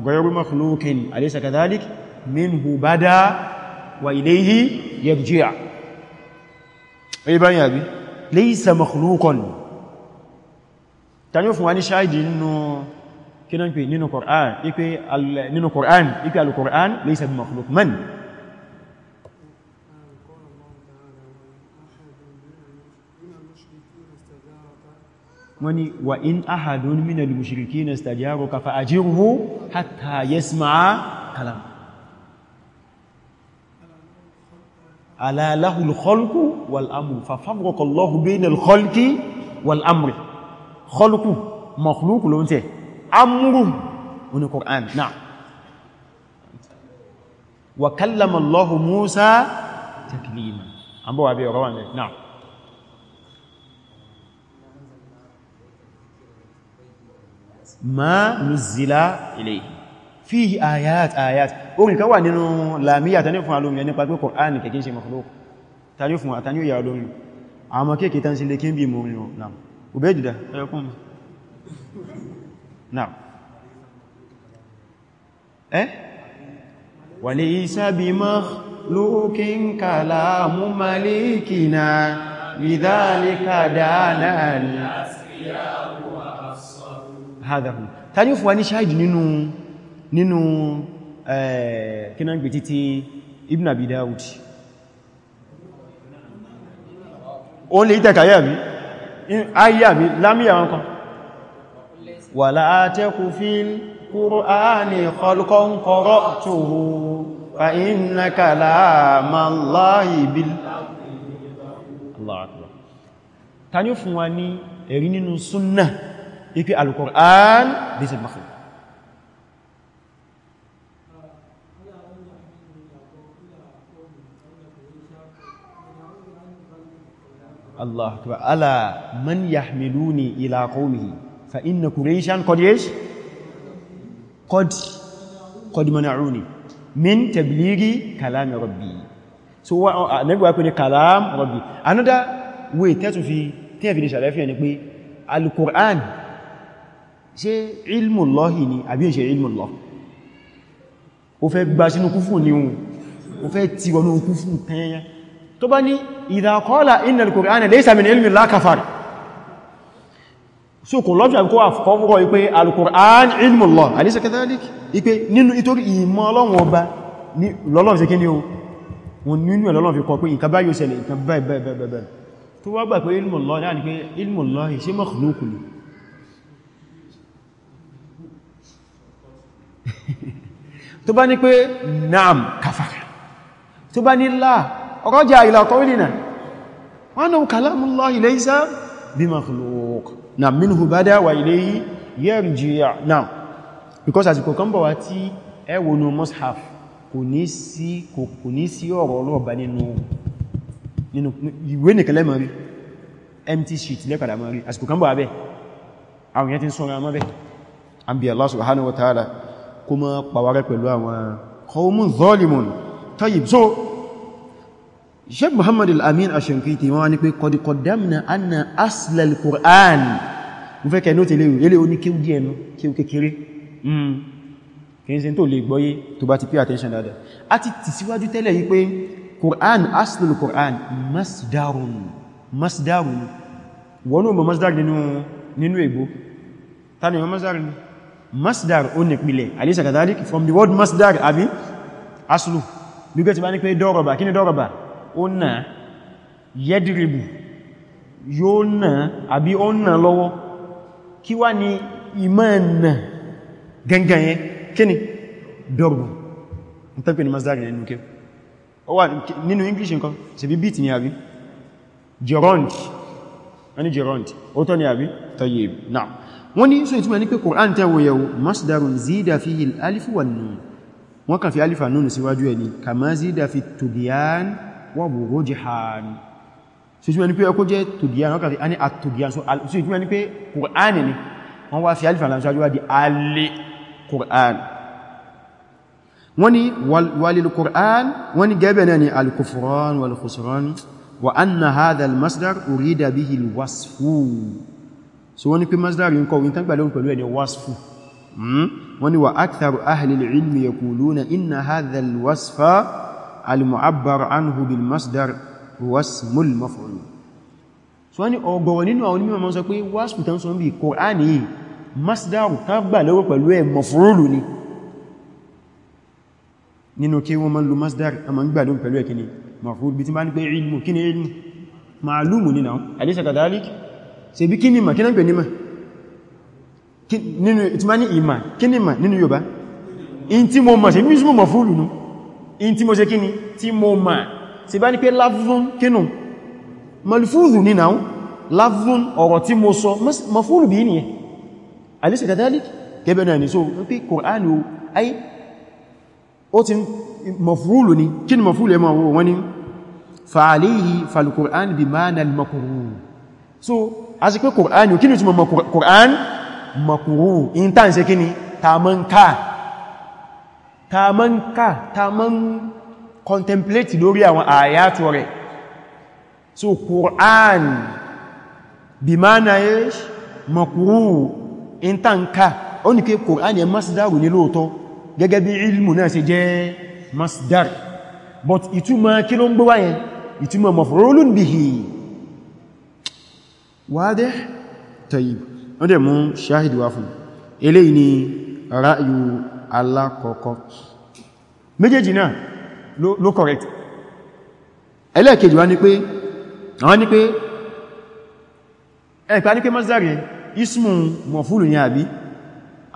ghayru makhluqin alaysa kadhalik minhu bada wa ilayhi yarji' ay ibanya bi laysa makhluqan tanyo fún wa ni shaidi nínú kíná ń pè nínú Qur'an ipé nínú Qur'an ipé al-Qur'an laysa bi makhluq man wọ́n ni wa in ahadun minal mushrikina istajaraka fa ajirhu hatta yasma'a kalam ala lahul khalqu wal amru fa farraqa Allahu baynal khalqi wal amri khalqu makhluq ló ń tẹ́ amúrù oní Qur'an náà wa kallama Allahu Musa taklima an bọ́ wà bí ọ̀rọ̀ wọn lẹ́ náà ma nuzila ilayhi fihi ayat ayat orin kan wà nínú lamiya ta ní fún alómi nípa pé Qur'an kẹ̀kẹ́ ṣe makhluq ta ní fún àtàní òyà olómi àwọn kéèkéé tán sí lè kí ń bí mọ̀ òyìn náà òbẹ́ jùdá ẹ̀kùn náà ẹ́ wà lè ìsábi mọ́ lókè ń kàlá mú malikina lidhalika dáadáa hádàkùn ta ní fún wa ní ṣáàjì nínú nínú kínan gbé títí ibn abi o lè tẹ́kà yà mí lámíyà wọn kan ولا تك في القرآن خلقا قرأته فإن كلام الله بال الله أكبر ta ni ó fún wa ní ẹ̀rí nínú súnnà ipi al-Qur'an bí i Allah ala man yahmiluni ila qawmihi فإن قريشا قد إيش قد قد منعوني من تبليغ كلام ربي so wa nabi wa pe ni kalam rabbi another way te tun fi te fi ni salafi ni pé alquran ṣé ilmu allah ni àbí ṣé ilmu allah ó fẹ́ gba sínú kufu ni un ó fẹ́ ti wọnú kufu tan tó bá ní idha qala inna alquran laysa min ilmi allah kafara so kò lọ́jọ́ àbíkọ́ wà fọ́fọ́ wípé al-Qur'an ilmullah alaysa kadhalik ipé nínú ìtorí ìmọ̀ ọlọ́run ọba lọ́lọ́run sí kí ní o nínú ẹ̀lọ́lọ́run fi kọ pé ìkàbá yóò ṣẹlẹ̀ ìkàbá ìbẹ̀bẹ̀bẹ̀ tó wá gbà pé ilmullah náà ni pé ilmullah ṣe makhluq ni [LAUGHS] tó bá ní pé naam kafara na minhu bada wa ilayhi yarji'a now because àsìkò kan bọ̀ wá tí ẹ wò nú mushaf kò ní sí kò ní sí ọ̀rọ̀ ọlọ́ọ̀bá nínú nínú ìwé nìkan lẹ́mọ̀ rí empty sheet lẹ́kàdà mọ̀ rí As kan bọ̀ abẹ́ àwọn èèyàn ti ń sọ́ra mọ́ bẹ́ am bí Allah subhanahu wa ta'ala kó mọ́ pàwárẹ́ pẹ̀lú àwọn qawmun zalimun tayyib so sheikh muhammad al-amin ashankiti wọ́n ní pé qad qaddamna anna asla al-qur'an mo fẹ́ kẹ́ note eléyìí eléyìí oni kiu díẹ̀ nu kiu kékeré mm kin ṣe tó lè gbọ́yé tó bá ti pay attention dáadáa àti ti síwájú tẹ́lẹ̀ yìí pé qur'an asla al-qur'an masdarun masdarun wọ́n mo masdar nínú egbo tani mo masdar ni masdar ó ní pìlẹ̀ alisa kadhalik from the word masdar àbí aslu bí gẹ́tì bá ní pé dọ́rọ̀bà kí ni dọ́rọ̀bà ó nà yẹ́dìrìbù yóò nà àbí ó nà lọ́wọ́ kí wá ní ìmọ̀ nà gangan yẹn kí ni dọ̀rùn n tẹ́pẹ̀ ni masdari ẹnu kí ó wà nínú English nǹkan ṣe bí bíìtì ni àbí gerund ẹni gerund ó tọ́ ni àbí tọ́yẹ̀ náà wọ́n ní sọ ìtumọ̀ ní pé Qur'an tẹ́wọ yẹ̀wò masdarun zida fi alifu wa nun wọ́n kàn fi alifa nun síwájú ẹni kama zida fi tubiyan wa burujihan so ìtumọ̀ ni pé ọkọ̀ jẹ́ tògíyàn ọkà ní àtògíyàn so ìtumọ̀ ni pé Qur'an ni wọ́n wá fi alif alam ṣájú wá di alì Qur'an masdar urida wọ́n tán gbàlẹ́ pẹ̀lú ẹni wasfu hmm? wọ́n ni wa aktharu ahli al-ilmi yaquluna inna hadha al-wasfa al-mu'abbar anhu bil masdar wasmul maf'ul so ni ọ̀gọ̀rọ̀ nínú àwọn onímọ̀ máa sọ pé wasmu tan so bí qur'ani masdar ta gbà lọ́wọ́ pẹ̀lú ẹ̀ maf'ul ni nínú kí wọ́n máa lo masdar a máa gbà lọ́wọ́ pẹ̀lú ẹ̀ kíni maf'ul bí tin bá ní pé ilmu kíni ilmu ma'lumu ni na alisa kadalik ṣé bí kíni ma kíni pé ni ma nínú itimani ima kíni ma nínú Yorùbá in mo mọ̀ ṣé mi mọ̀ maf'ul nu no? in tí mo ṣe kíni tí mo ma ṣe bá ní pé láfún kínú malfúzù ní náà láfún ọ̀rọ̀ tí mo sọ mafúrù bí ní ẹ alisa kadalik kẹbẹ̀ náà ní so pé Kùránì o ai ó ti mafúrù ní kíni mafúrù ẹmọ àwọn wani fa'alihi falkùránì bí máa na makuru so a ṣe pé Kùránì o kíni tí mo ma Kùránì makuru in ta ń ṣe ta mọ́ ń ta ma ń ká ta ma ń contemplate lórí àwọn àyàtò rẹ̀ so Qur'an bí máa na yẹ́ makuru in ta ń ká ó ní kí Qur'an yẹ masdaru ní lóòtọ́ gẹ́gẹ́ bí ilmù náà ṣe jẹ́ masdar but ìtumọ̀ kí ló ń gbọ́ wáyẹn ìtumọ̀ maf'ulun bihi wadih tayyib ó dẹ̀ mú ṣáhìdì wá fún eléyìí ni ra'yu alákọ̀ọ́kọ́ méjèèjì náà ló correct ẹlẹ́ẹ̀kejì wá ní pé àwọn ní pé ẹ̀pẹ́ ní pé masdari ismu mọ̀fúlù ní àbí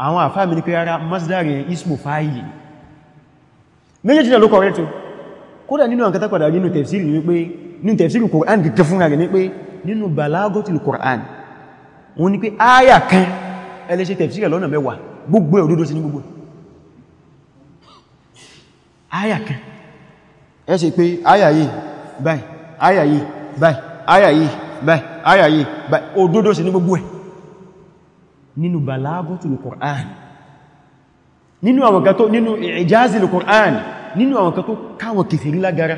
àwọn àfáàmì ní pé rárá masdari ismu fáyì méjèèjì náà ló correct kódà nínú àǹkátà padà nínú tẹ̀fsìrì ní pé nínú tẹ̀fsìrì Qur'an gẹ̀gẹ̀ fún rẹ̀ ní pé nínú balagotil Qur'an wọ́n ní pé áyà kan ẹlẹ́ṣẹ́ àyà kan ẹ ṣe pé àyà yìí báyìí àyà yìí báyìí àyà yìí báyìí àyà yìí báyìí òdodo sí ní gbogbo ẹ̀ nínú balagotul Qur'an nínú àwọn kan tó nínú ìjázìlù Qur'an nínú àwọn kan tó káwọn kìfèrí lágara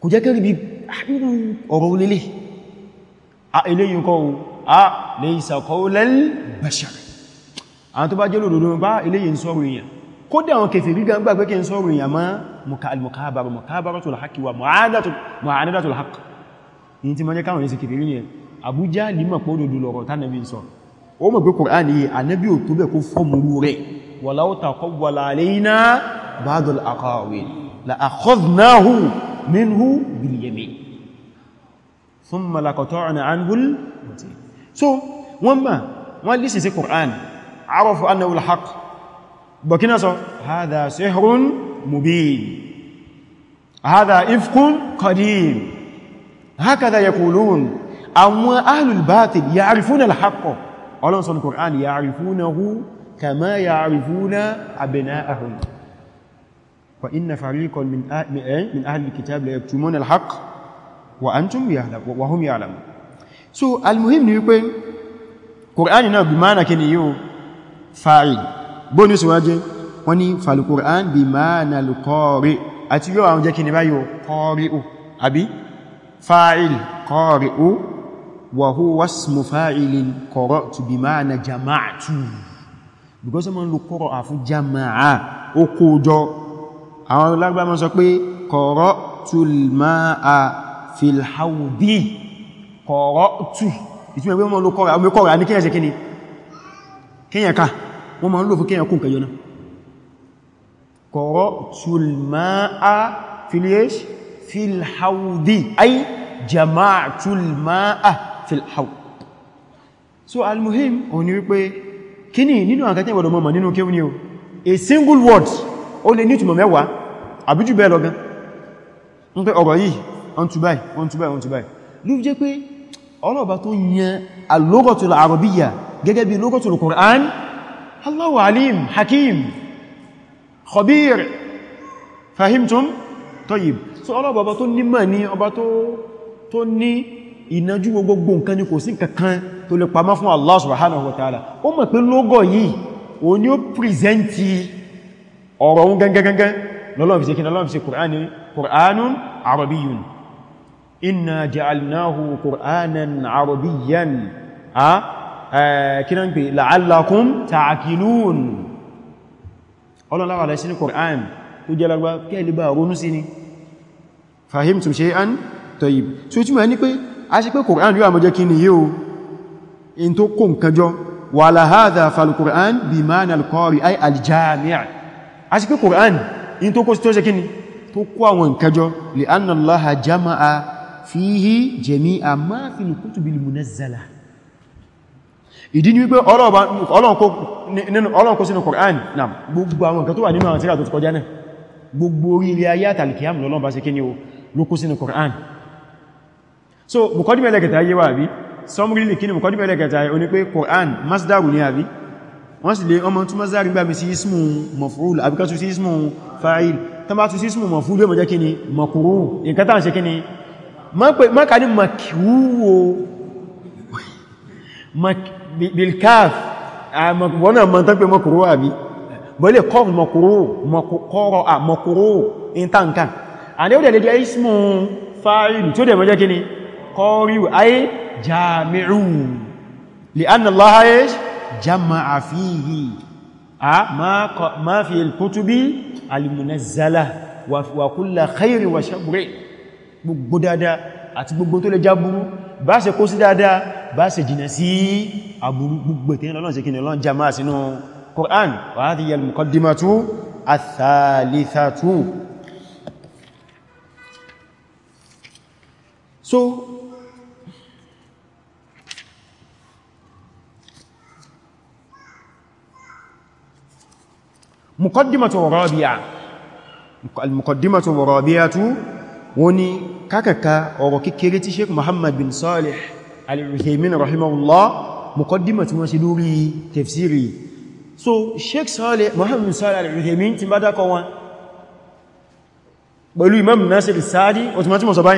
kò jẹ́ kẹ́rì bí àbúrú ah, ọ̀rọ̀ olélé a ah, eléyìn kọ́ ohun a ah, laysa qawlal bashar àwọn tó bá jẹ́ lòdòdó bá eléyìn sọ́rọ̀ èèyàn kódà àwọn kèfì rí gbàgbà pé kí n sọ́rọ̀ ìyà máa mọ̀kàbàrọ̀ mọ̀kàbàrọ̀ tó lọ́hàkì wà mọ̀hánádà tó lọ́hàkì ní tí ma jẹ́ káwọn ìsìn kèfì rí ní ẹ̀ àbújá límọ̀ pọ̀ dòdò lọ́rọ̀ tánàbí sọ ó mọ̀ pé kòránì ànábí ò tó bẹ̀ kó fọ́mùrú so wọ́n ma wọ́n lísìn sí kòránì arafu annahu haqq بكنا سو هذا سحر مبين هذا افق قديم هكذا يقولون ام اهل الباطل يعرفون الحق اولون سن القران يعرفونه كما يعرفون ابناءهم وان فريق من من اهل الكتاب لا يكتمون الحق وانتم يعلمون وهم يعلمون سو المهم ني بي قران نا بمعنى كني يو فاعل bóní síwájí wọ́n ní falkur'an bí máa na lukọ́rí àti yóò àwọn jẹ́ kí ni báyíò kọ́rí'u àbí fa'il kọ́rí'u wa huwa ismu fa'ilin qara'tu bí máa na jama'atu because wọ́n lò kọ́rọ̀ àfún jama'a ó kójọ àwọn lágbà mọ́ sọ wọ́n ma ń lò fún kíyàn kún kẹjọ náà kọ̀rọ̀ tulma'a filiesh filhaudi ay jama'a tulma'a filhaud so almuhim o ni wípé kíni nínú àkàtẹ́ ìwọ̀dọ̀ mọ́mọ̀ nínú kéwú ni o a single word o lè ní ìtumọ̀ mẹ́wàá àbíjù bẹ́ẹ̀ lọ gan ń pẹ́ ọ̀rọ̀ yìí on to buy on to buy on to buy ló jẹ́ pé ọlọ́ọ̀bá tó gẹ́gẹ́ bí lógọ́tùl kùrán Allahu alim hakim khabir fahimtum tayyib so Allah baba tó ní ma ni ọba tó tó ní ìnájú gbogbo nǹkan ni kò sí kankan tó lè pamọ́ fún Allah subhanahu wa ta'ala ó mọ̀ pé logo yìí ó ní ó present ọ̀rọ̀ un kínan pé la'allakum ta'akilun ọlọ́láwà lẹ́sí ní Qur'an tó jẹ́ lágbà kẹ́lì bá ronú sí ni fahimtum shay'an tayyib so tí ma ní pé a ṣe pé Qur'an yóò àmọ́jẹ́ kí ni yíò in tó kó nǹkan jọ wala hadha fal Qur'an bi ma'na al-qari ay al ma ìdí ni wípé Ọlọ́run kó sínú Kùránì náà gbogbo àwọn nǹkan tó wà nínú àwọn tírà tó ti kọjá náà gbogbo orí ilé ayé àtàlìkìyàmù lọ́lọ́run bá ṣe kí ni o ló kó sínú Kùránì so mukọ́dìmẹ̀ lẹ́gẹ̀ta yé wà bí sọmúrílì kí ni mukọ́dìmẹ̀ lẹ́gẹ̀ta yé o ní pé Kùránì masdaru ni àbí wọ́n sì lè ọmọ tún masdaru gbàmí sí ismu maf'ul àbíká tún sí ismu fa'il tán bá tún sí ismu maf'ul yóò mọ̀ jẹ́ kí ni makuru nǹkan tàn ṣe kí ni mọ́kà ní makiwúwo bilkaf wọ́n náà mọ́ tán pé mọ́kúrú àbí bọ́lẹ̀ kọ́rù mọ́kúrú mọ́kúrú à mọ́kúrú intanka àdé ó dẹ̀ jẹ́ ismù fa'il tí ó dẹ̀ mọ́ jẹ́ kí ni kọ́rí ayé jami'u li anna allaha yesh jama'a fihi a ma fi al-kutubi bá ṣe kó sí dáadáa bá ṣe jìnà sí àbúrú gbogbo tí Ọlọ́run ṣe kí ni Ọlọ́run jama sínú Qur'an wa hadhihi al-muqaddimatu ath so muqaddimatu rabi'a al-muqaddimatu rabi'atu kákàká ọ̀rọ̀ kékeré tí sheik muhammad bin salih al-Uthaymin rahimahullah mukaddima tí wọ́n ṣe lórí tafsiri so sheik salih muhammad bin salih al-Uthaymin ti bá dákọ wọn pẹ̀lú imam nasir sadi otumati mọ̀ sọ̀bá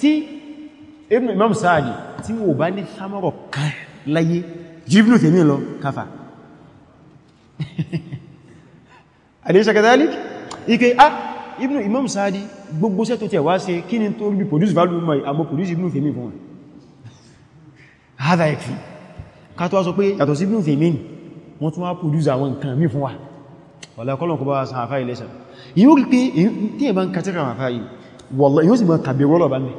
ti imam sáàdì tí wò bá ní sámọ́rọ̀ kan láyé jíbìnù tèmí lọ káfà [LAUGHS] àdíṣẹ́ kẹtàlì ike a ah, ibnu imam sáàdì gbogbo sẹ́tò tẹ̀ wá sí kí ni tó rí produce value mọ̀ àmọ́ produce ibnu tèmí fún wọn hádá ẹ̀kì ká tó wá sọ pé yàtọ̀ sí ibnu tèmí wọ́n tún wá produce àwọn nǹkan mí fún wa ọ̀lẹ́kọ́lọ̀ kọ bá wa san àfáà ilẹ́sẹ̀ yíó rí pé tí ẹ̀bá ń kàtíkà àfáà yìí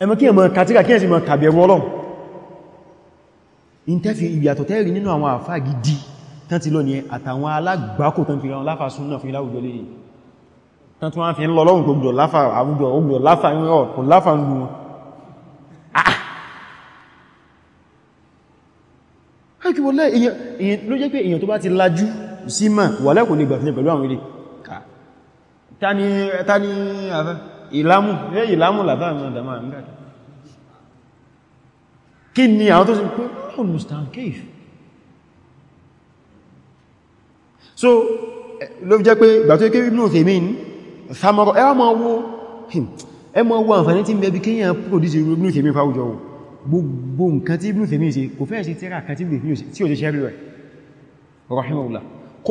ẹmọ kí ẹmọ kàtíkà kí ẹ̀sìn mọ̀ kàbẹ̀rù ọlọ́run in tẹ́fì ìyàtọ̀ tẹ́rì nínú àwọn àfá gidi tán ti lọ ní àtàwọn alágbàkò tán fi ra láfà súnnà fún ìlàwùjọ lè tán tún wá fi ń lọ lọ́rùn gbogbo láfà àwùjọ ogbò láfà ń rọ̀ kò láfà ń gun ah! ló jẹ́ pé èèyàn tó bá ti lajú sí mà wà lẹ́kùn lè gbà fún ẹ pẹ̀lú àwọn ilé ta ni àfẹ́ ìlàmù rẹ̀ ìlàmù làbáàmì ọ̀dàmà àmìgbàtà kí ni àwọn tó sì pé mọ́n oh, mustankif so ló jẹ́ pé ìgbà tó kí Ibn Uthaymeen samọ́rọ̀ ẹ ma wo ẹ ma wo àǹfàní tí mẹ́bí kí yàn pòdíṣì Ibn Uthaymeen fáwùjọ gbogbo nǹkan tí Ibn Uthaymeen ṣe kò fẹ́ sí tẹ́rà kan tí ò ṣe ṣẹ́rí rẹ̀ rahimahullah kó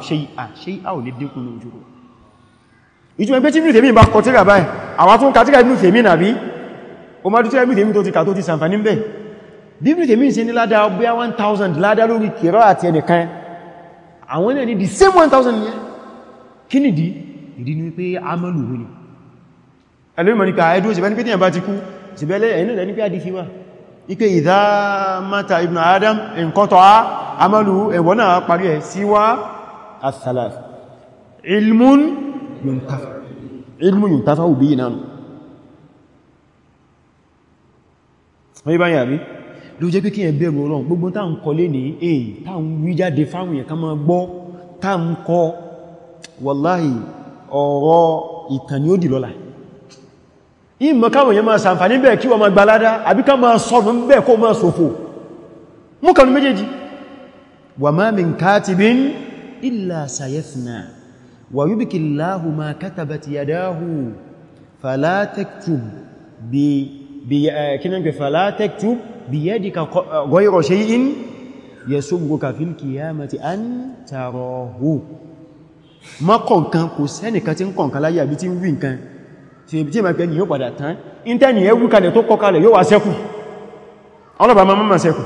ṣe'à ṣe'à ò ní dínkù ní ojúrò ìjú ẹgbẹ́ tí Ibn Taymiyyah bá kọtíra báyìí àwọn tó ń kàtíra Ibn Taymiyyah nàbí o má dútíra Ibn Taymiyyah tó ti kàtó ti sàǹfàní bẹ̀ bí Ibn Taymiyyah ṣe ní ládá ọgbẹ́ 1000 ládá lórí kìrọ àti ẹnìkan àwọn náà ní the same 1000 yẹn kí ni dí ìdí ni pé amọ́lù hu ni ẹlẹ́mọ̀ nípa ẹdún ìṣẹ̀bẹ́ ní pé tíyàn bá ti kú ìṣẹ̀bẹ́lẹ̀ ẹ̀nà ìdẹ̀ ní pé àdífí wà ipé idha mata Ibn Adam in qata'a amaluhu ẹ̀wọ̀n náà parí ẹ̀ síwá الثلاث علم ينتفع علم ينتفع به نانو wọ́n bá yà bí ló jẹ́ pé kí ẹ bẹ̀rù Ọlọ́run gbogbo tá ń kọ lé ní èyí tá ń wí jáde fáwọn èèyàn ká máa gbọ́ tá ń kọ wàláhì ọ̀rọ̀ ìtàn ni ó dì lọ́la ìmọ̀ káwọn èèyàn máa sàǹfàní bẹ́ẹ̀ kí wọ́n gbalada àbí ká máa sọ́nà bẹ́ẹ̀ kó máa ṣòfò mú kanú méjèèjì wà min katibin إلا سيفنى ويبكي الله ما كتبت يداه فلا تكتب بي بي فلا تكتب بيدك غير شيء يسبك في القيامة أن تراه ma kọ̀nkan kò sẹ́nìkan tí ń kọ̀nkan láyé àbí tí ń wí nǹkan tí èbí tí ma pẹ́ ni yóò padà tán ìntẹ́ni ẹwú kalẹ̀ tó kọ kalẹ̀ yóò wá sẹ́kù ọlọ́bàá ma mọ́ sẹ́kù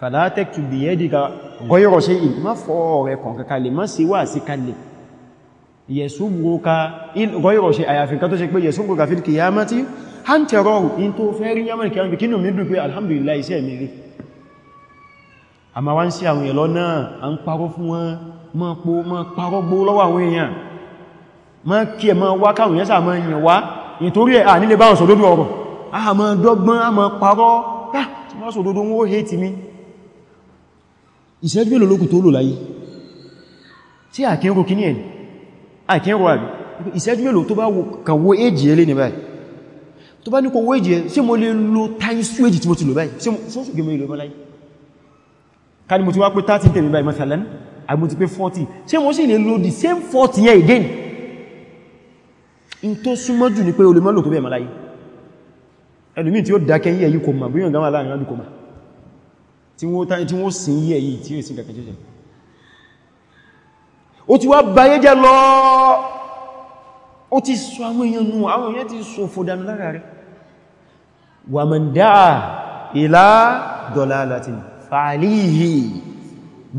fàlátẹ́kù bí yẹ́ dìka gọ́yọ̀rọ̀ ṣe ì má fọ́ rẹ̀ kọ̀ǹkan kalẹ̀ má sí wà sí kalẹ̀ gọ́yọ̀rọ̀ ṣe àyàfin kan tó ṣe pé yẹ̀sùgbò ka fil qiyamati hàn tẹ̀rọrù in tó fẹ́ rí alhamdulillah iṣẹ́ mi rí àmà wá ń sí àwọn èèyàn lọ́nà à ń parọ́ fún wọn má po má parọ́ gbó lọ́wọ́ àwọn èèyàn má kí ẹ má wá káwọn èèyàn sàmọ́ èèyàn wá nítorí ẹ̀ à nílé báwọn mi ìṣẹ́jú èlò lókù tó lò láyé tí àkínrò kí ní ẹ̀ àkínrò àbí ìṣẹ́jú èlò tó bá kàwó èjì ẹlé ní báyìí tó bá ní kò wó èjì ẹ sí mo lè lo time swage tí mo ti lò báyìí sí mo lè lo láyé ká ní mo ti wá pé 30 tẹ̀mí same 40 yẹ again in tó súnmọ́ jù ní pé olè mọ́lò tó bẹ̀ẹ̀ mọ́ láyé ẹlòmí tí ó dákẹ́ yẹ́ yìí kò mọ̀ bí yóò gáwà láàrin ọdún kò tí wọ́n tán tí wọ́n sì yẹ yìí tí ó sì kàkà jẹ́jẹ́ ó ti wá báyé jẹ́ lọ ó ti sọ àwọn èèyàn nù àwọn èèyàn ti sọ fòdánù lára rẹ̀ wà mọ̀ dáa ìlà dọ̀lá latin fàálìhì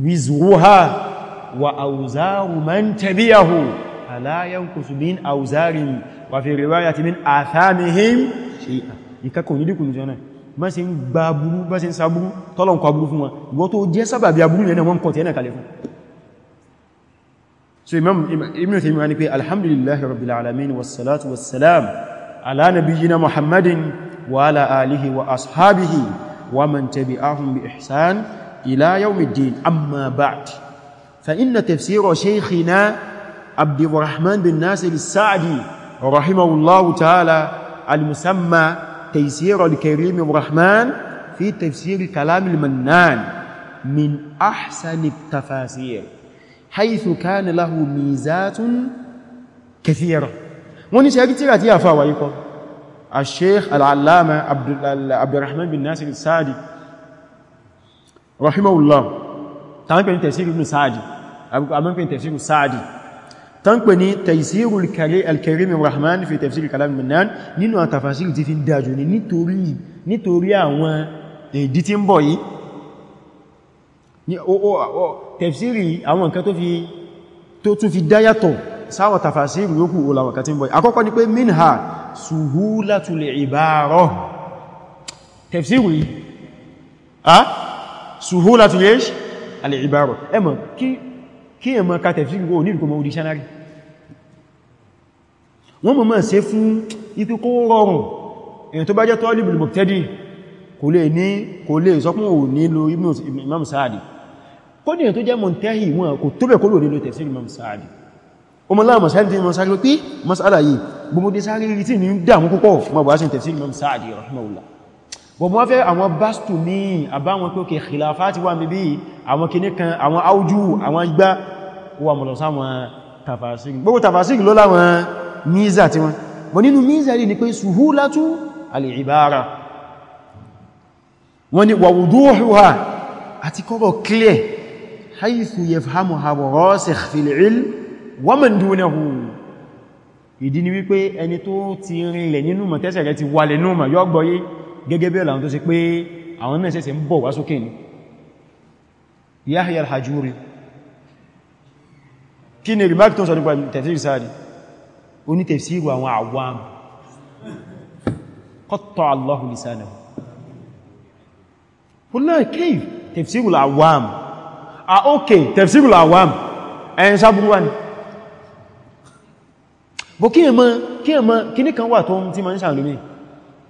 wizruha wa auzaru man tabiyahu alayan kusubin auzarin wa fi riwayati min athamihim shi'a ikakon yidikun jona bá ṣe ń gba burú bá ṣe ń sàbúrú tọ́lọ̀ ń kọ burú fún wọn ìwọ́n tó jẹ́ sábàbí aburú yẹn wọ́n kọ̀ tí ẹ̀nà kalẹ̀ fún so imam ibn taymiyyah ní pé alhamdulillahi rabbil alamin wassalatu wassalam ala nabiyyina muhammadin wa ala alihi wa ashabihi wa man tabi'ahum bi ihsan ila yawmiddin amma ba'd fa inna tafsira shaykhina abdurrahman bin nasir sadi rahimahullahu ta'ala al-musamma تيسير الكريم الرحمن في تفسير كلام المنان من أحسن التفاسير حيث كان له ميزات كثيرة wọ́n ní ṣe rí الشيخ العلامة عبد الرحمن بن ناصر السعدي رحمه الله سادي أمام في Ibn السادي tánpẹ̀ ní taisirul alkarimi rahman fi tafsir kalam minnan nínú a tafasir ti fi dájú ni nítorí àwọn èdí tí ń bọ̀ yìí tafsiri àwọn nǹkan tó tún fi dáyàtọ̀ sáwọ̀ tafasir yóò kú olàwọ̀ká ẹmọ̀ kí kí èyàn mọ́ kàtẹ̀ sí gbogbo onílùkọ́ mọ́ dictionary wọ́n mọ̀ mọ́ ṣe fún ipé kó rọrùn èyàn tó bá jẹ́ tọ́lìbìl mọ̀tẹ́dì kò lè ní kò lè sọpún ò ní lo imam sáàdì kó ní èyàn tó jẹ́ mọ̀tẹ́hì wọn kò tó bẹ̀ kó lò wọ́n mọ́ fẹ́ àwọn bastu ní àbáwọn pé òkè khilafati wà mẹ́bí àwọn kìní kan àwọn áújú àwọn igbá wà mọ̀lọ̀ sáwọn tafasir gbogbo tafasir ló láwọn míza ti wọn bọ̀ nínú míza rí ni pé suhulatu al-ibara wọ́n ni wàwùdúhùwà àti kọ́rọ̀ clear haythu yafhamuha rasikh fil ilm wa man dunahu ìdí ni wípé gẹ́gẹ́ bí ọ̀làwọn tó ṣe pé àwọn náà ṣẹ̀ṣẹ̀ ń bọ̀ wá sókè ní Yahya al-Hajuri kí ni remark tó sọ nípa tafsir Sa'di oní tafsiru àwọn awam qatta Allahu lisanahu wallahi kayf tafsiru al-awam ah okay tafsiru kí ẹ̀mọ́ kí ẹ̀mọ́ kí ní kan wà tó ń tí ma ń sàlómi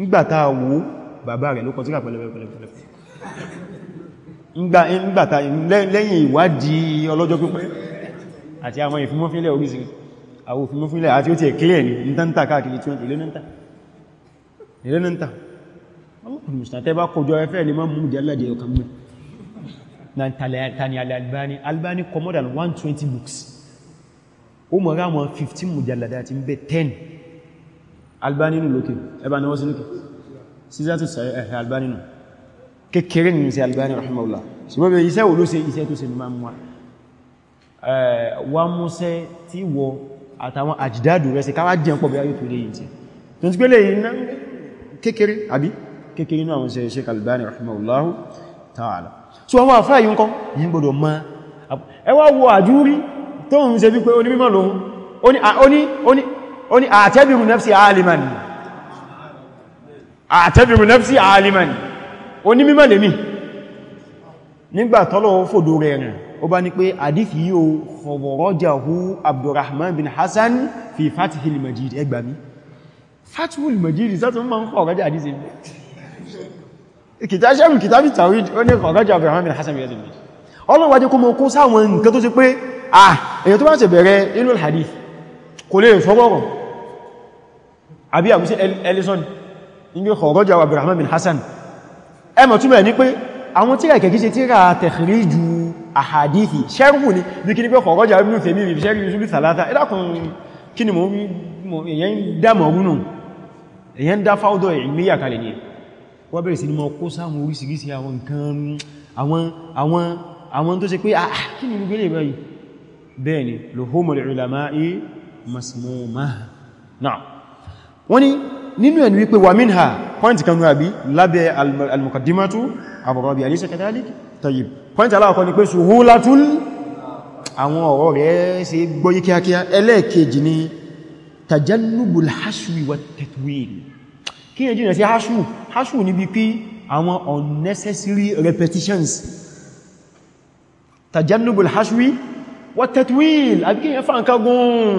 ngbàtà wo bàbá rẹ̀ ló kọtíkà pẹ̀lẹ̀pẹ̀lẹ̀ lẹ́yìn ìwádìí ọlọ́jọ́ pípẹ́ àti àwọn ìfimọ́fínlẹ̀ orísìí àwọn ìfimọ́fínlẹ̀ àti ó ti ẹ̀kílẹ̀ ní ìdántà káàkiri 20 ìlénìntà mùsùlùmí bá kọjọ ẹfẹ́ lè mọ́ mú jẹ́lẹ̀dẹ̀ ọkàn mú na tani al-albani albani kọ more than 120 books ó mọ̀ ráwọn 15 mùjàlàdà àti ń bẹ 10 albaninu lókè ẹba ni wọ́n sí lókè sízátù eh, albaninu kékeré ni sí albani rahimahullah ṣùgbọ́n bẹ̀ iṣẹ́ wo ló ṣe iṣẹ́ tó ṣe ní máa mú wa eh, wọ́n mú sẹ́ tí wọ àtàwọn àjìdádù rẹ̀ sí káwà jẹ́ pọ̀ bí ayé tó lè yìí tí tó ti pẹ́lẹ̀ iná kékeré àbí kékeré náà wọ́n ṣe Sheikh albani ó ní àtẹ́bìrù nẹ́fsì àálìmàn àtẹ́bìrù nẹ́fsì àálìmàn ó ní mímọ̀ lèmí nígbà tọ́lọ̀ fòdó rẹ̀ rìn ó bá ní pé àdífì yíò khawarojahu Abdurrahman bin Hassan fi fatihil majid ẹgbàmí fatihil majid sátún ma ń kọ̀rọ̀já àdífì kìtà sẹ́rù kìtà bí tàwíd ó ní kọ̀rọ̀já Abdurrahman bin Hassan fi fatihil majid ọlọ́wàjẹ́ kó mọ́ kó sáwọn nǹkan tó ti pé ah èyàn tó bá ṣe bẹ̀rẹ̀ inú hadith kò lè sọ́gbọ́rọ̀ àbí àgúsí ellison ingbé ọ̀rọ̀jà Abdurrahman bin Hassan ẹmọ̀ túnmẹ̀ ní pé àwọn tíra ìkẹ̀kí ṣe tíra tẹ̀kìríjù àhàdìsì ṣẹ́rùn ní bí kí ní pé ọ̀rọ̀jà Ibn Taymiyyah bí ṣẹ́rù ìṣúlù sàlátà ẹ̀dàkùn kí ni mo èyàn dá mọ̀rúnù èyàn dá fáúdọ̀ ìmíyà kalẹ̀ ní wọ́n bẹ̀rẹ̀ sí ni mọ́ kó sáwọn orísìírísì àwọn nǹkan àwọn tó ṣe pé ah, ah kí ni gbogbo wọ́n ni nínú ẹni wípé wà mínà pọ́ìntì kan rúrà bí lábẹ́ al-muqaddimatu àbọ̀rọ̀bí alaysa kadhalik tayyib pọ́ìntì aláwọ̀kọ́ ni pé suhulatul àwọn ọ̀rọ̀ rẹ̀ ṣe gbọ́yí kíákíá ẹlẹ́ẹ̀kejì ni kí yẹn fa nǹkan gùn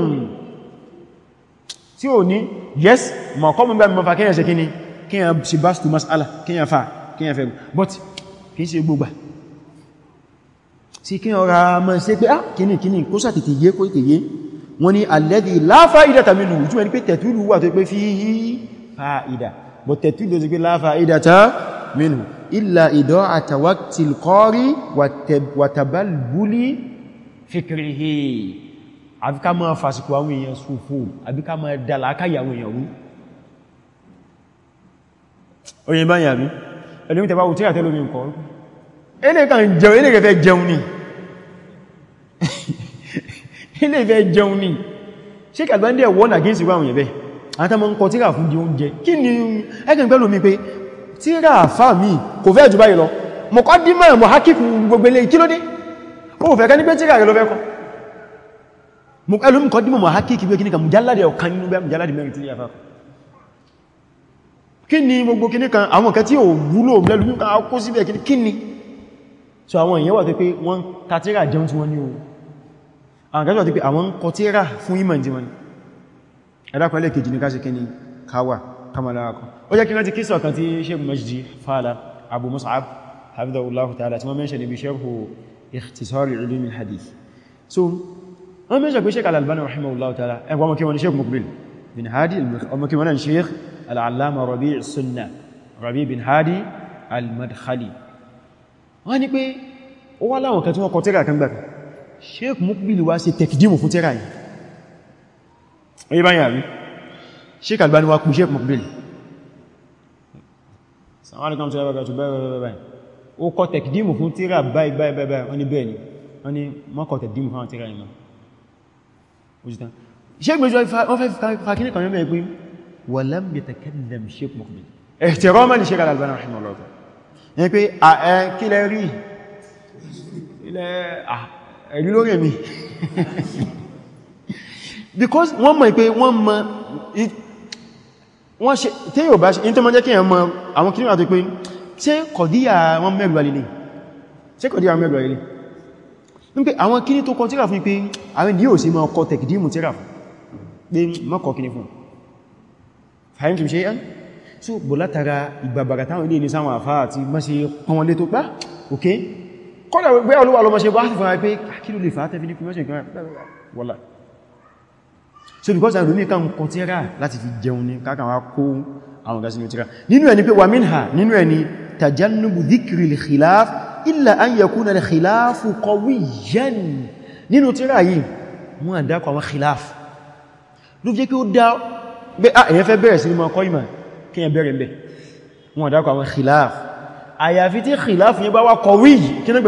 tí ó ní yes mọ̀kọ́mù bá mọ́fà kíyàn ṣe kíni kíyàn sí bá stù masala kíyàn fa kíyàn fẹ́ but kìí ṣe gbogbo sí kíyàn ra mọ́ sí pé ah kíni kíni kó sàtìtì yé kó ìtìyé wọ́n ni alladhi la fa'idata minhu fikrihi àbí ká máa fàsìkò àwọn èèyàn sòfò àbí ká máa dà làákàyè àwọn èèyàn rú oyin báyìí àbí ẹlùmí tẹbá wù tí àtẹ́lò mi nǹkan ilé kan jẹun ilé kẹfẹ́ jẹun ni ilé [LAUGHS] kẹfẹ́ jẹun ni ṣe kàgbà ń dẹ̀ wọ́n against ìwà àwọn èèyàn bẹ́ẹ̀ ni ẹgbẹ̀ pẹ́lú mi mo ẹlò mú kọdímọ̀ mọ̀ hakiki bí kíníkà mùjálàdì ọ̀kan nínú bẹ́ mùjálàdì mẹ́rin tí ní àfá kí ni gbogbo kíníkà àwọn ọ̀kẹ́ tí ò wúlò mẹ́lú mú kó síbẹ̀ kí ni so àwọn èèyàn wà tó pé wọ́n katira jẹun tí wọ́n ní o àwọn kẹjọ́ tó pé àwọn kọtíra fún ìmọ̀ jí wọn ẹ̀dàkọ̀ẹ́lẹ̀ kejì ní káṣe kíní káwà kamalárakọ̀ ó jẹ́ kí wọ́n ti kí sọ̀kan tí ṣe wọ́n mẹ́sàn pé Sheikh Al-Albani rahimahullahu ta'ala ẹgbọ́n ọmọ kí wọ́n ni Sheikh Muqbil bin Hadi ọmọ kí wọ́n ni Sheikh Al-Allama Rabi' as-Sunnah Rabi' bin Hadi Al-Madkhali wọ́n ni pé ó wá láwọn kan tí wọ́n kọ tírà kan gbàkà Sheikh Muqbil wá ṣe tẹkidimu fún tírà yìí oye báyà rí Sheikh Al-Albani wá kú Sheikh wọ́n ni mọ́kọ̀ tẹkidimu fún àwọn tírà yìí sheik mejọ wọ́n fẹ́ fàkínì kan mẹ́rin pín wà lam yatakallam sheik Muqbil ihtiraman li sheik al-Albani rahimahullah ní pé ààrẹ kí lẹ rí ilẹ̀ [LAUGHS] because wọ́n mọ̀ pé wọ́n mọ̀ wọ́n ṣe tí yóò bá ṣe in tó mọ́ jẹ́ kí ẹ̀mọ́ àwọn kìnnìyàn tó pé ṣe kọ̀díyà wọ́n mẹ́rù alìlẹ̀ nípe àwọn kíní tó kọ tíra fún pé àwọn ni yóò sí máa kọ tẹ̀kìdímù tíra fún pé mọ́kọ̀ kíní fún fahimtum ṣe yán so bò látara ìgbàbàrà táwọn ilé ní sáwọn àfá àti mọ́sí pọnwọlé tó pá ok kọ́dà gbé olúwa lọ mọ́sí bá fún pé ah, kí ló lè fà tẹ́fí ní pínlẹ̀ ìgbàmà wọ́lá so because àwọn olómi kan kọ tíra láti fi jẹun ní kákan illa an yakuna ní khilafu qawiyyan nínú tíra yìí wọ́n àdákọ̀ àwọn khilaf ló jẹ́ kí ó dá ẹ̀yẹn ah, fẹ́ bẹ̀rẹ̀ sí ní ma kọ́ ìmọ̀ kí ẹ bẹ̀rẹ̀ bẹ̀ wọ́n àdákọ̀ àwọn khilaf àyàfi tí khilaf yẹn bá wá qawi kí ní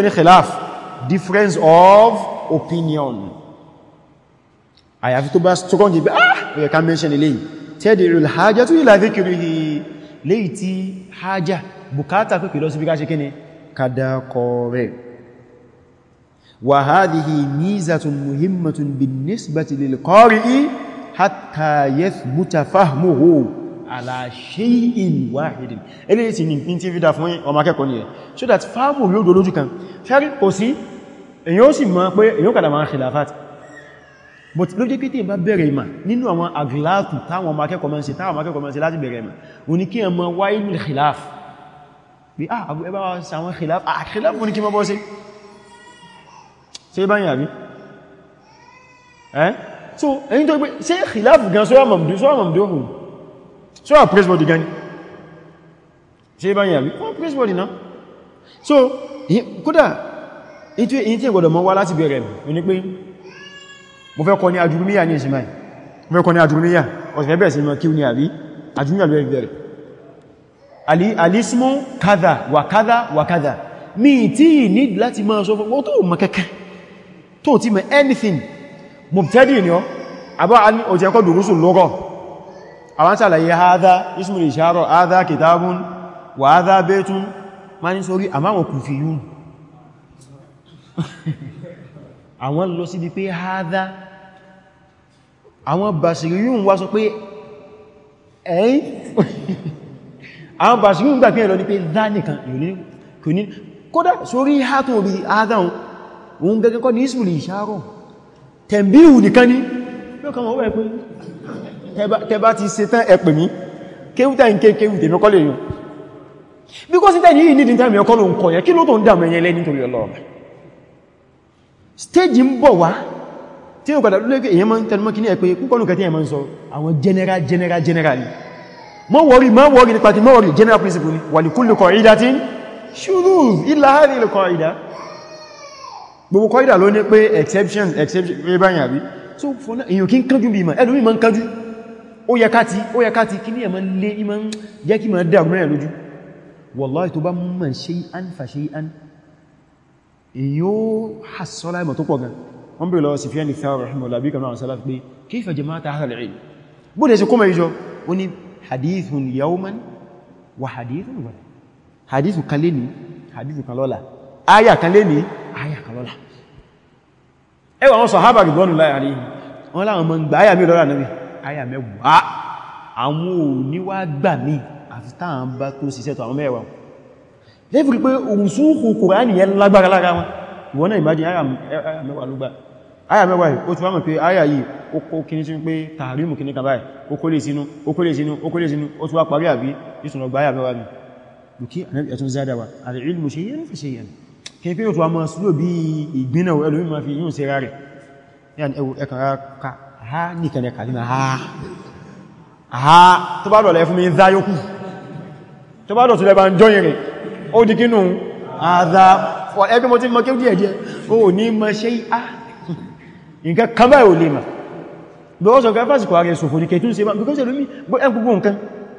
difference of opinion àyàfi tó bá strong ìgbẹ́ ah ẹ̀yẹ ká mention eléyìí tẹ́dìrì hajjá tó yìí láti kiri léyìí tí hajjá bukata pẹ̀pẹ̀ lọ sí bí ká kádàkọ rẹ̀ wa hadhihi mizatun muhimmatun bin-nisbati lil-qari'i hatta yathbuta fahmuhu ala shay'in wahidin ele si ni ti vida fún ọmọ akẹ́kọ̀ọ́ ni e so that fahmu yo do lójú kan feri kò sí èyàn ó sì mọ̀ pé èyàn kada ma khilafat but ló jẹ́ pété bá bẹ̀rẹ̀ ìmà nínú àwọn agláàtù táwọn ọmọ akẹ́kọ̀ọ́ mọ́ sí láti bẹ̀rẹ̀ ìmà oníkí ẹmọ wáyé ní khilaf bí ah abu ẹbá wọn sí àwọn khilaf ah khilaf ní kí mọ́ bọ́ sí ṣe báyìí àbí ẹ́ so ẹni tó gbé ṣe khilaf gan sọ́rọ̀ mọ̀mdó sọ́rọ̀ mọ̀mdó hù sọ́rọ̀ pressbody gan ṣe báyìí àbí wọ́n pressbody náà so kódà ètò èyí tí ìgbọ̀dọ̀ mọ́ wá láti bẹ̀rẹ̀ ní pé mo fẹ́ kọ́ ní ajúrúmíyà ní ìsinmi mo fẹ́ kọ́ ní ajúrúmíyà ọ̀sẹ̀ bẹ̀rẹ̀ sí mọ́ kí ní àbí ajúrúmíyà lórí bẹ̀rẹ̀ alìsímú kádà wà kádà wà kádà mi tí ní láti máa sọ fún wọ́n tó mọ̀ kẹ́kẹ́ tó ti mọ̀ anything mubtadi ni ọ àbá ọjẹ́ ẹ̀kọ́ dùrúsùn lọ́gọ́ àwọn sàlàyé hadha ismù ìṣàrọ̀ hadha kitabun wà hadha baytun ma ní sórí àmáwọn kùfì yún [LAUGHS] àwọn lọ sí pé hadha àwọn [LAUGHS] àwọn bàṣí yíò gbà pé ẹ̀lọ ní pé dá nìkan kò ní kódà sórí hátùn òbí adáhùn òun gẹ́gẹ́ kọ́ ní ìsìnkú ìṣàrọ̀ tẹ̀mbíhù nìkan ní lọ́kàn wọ́n wẹ́ pé tẹba ti ṣe tán ẹ pè mí kéwútà ń kéwù tèmi kọ́ lè yùn bí kó sí tẹ́ yìí ní dìntàmì ọkọ́ ló ń kọ̀ yẹn kí ló tó ń dàmù ẹyẹ lẹ́ni torí ọlọ́ọ̀bà stéjì ń bọ̀ wá tí ó padà lókè èyàn máa ń tẹnumọ́ kí ní ẹ pé púpọ̀ nù kẹtí ẹ máa ń general general general mọ́ wọ́rí mọ́ wọ́rí nípa kí mọ́ wọ́rí general principle ni wà likulli qa'idatin shududh illa hadhihi al-qa'ida gbogbo qaida ló ní pé exception exception ríbáyìn àbí so fún èyàn kí ń kánjú bí ìmọ̀ ẹlùmí ma ń kánjú ó yẹ káti ó yẹ káti kí ní ẹ̀mọ́ lé ìmọ̀ jẹ́ kí ma dá ọgbẹ́rẹ̀ lójú wallahi tó bá mọ̀ shay'an fa shay'an èyàn ó hasọ́lá ìmọ̀ tó pọ̀ gan wọ́n pé kayfa jama'ta hadha al-'ilm bó ṣe kó mẹ́ ìjọ ó hadithun yawman wa hadithun wala hadithu kan hadithu kan aya kan lé ní aya kan lọ́la ẹwà wọn sàhábà gìdọ́nù láyà rí wọn láwọn mọ̀ aya mi lọ́la náà aya mẹ́wàá àwọn òníwà gbà mí àfi táà ń bá tó ṣiṣẹ́ tó àwọn mẹ́wàá lẹ́fìrí pé ohun súnkù kòránì yẹn lágbára lára wọn ìwọ̀n náà ìmájí aya mẹ́wàá ló gbà aya mẹ́wàá ó ti wá mọ̀ pé aya yìí ó kíní tí ń pé tààrímù kíní kan báyìí ó kó lè sínú ó kó lè sínú ó kó lè sínú ó tún wá parí àbí ìsùnà gbáyà bẹ́wà ní dùkí ẹ̀tún zádà wà àti ilmù ṣe yẹ́ nífẹ̀ẹ́ ṣe yẹ́ kí pé yóò tún a máa súlò bí ìgbínà ẹlòmí ma fi yíò sí rárẹ̀ ẹkàrà ka ha nìkan ẹkà nínú ha ha tó bá dọ̀lẹ̀ fún mi ń zá yókù tó bá dọ̀tún lẹ́bàá ń jọyìn rẹ̀ ó di kínú àdá ẹgbẹ́ mọ́ tí mọ́ kéwú díẹ̀díẹ̀ ó ní mọ́ ṣe ah nǹkan kan báyìí ò lè máa because of gafas ko are sofo dike tun se ma because elomi bo en gugu nǹkan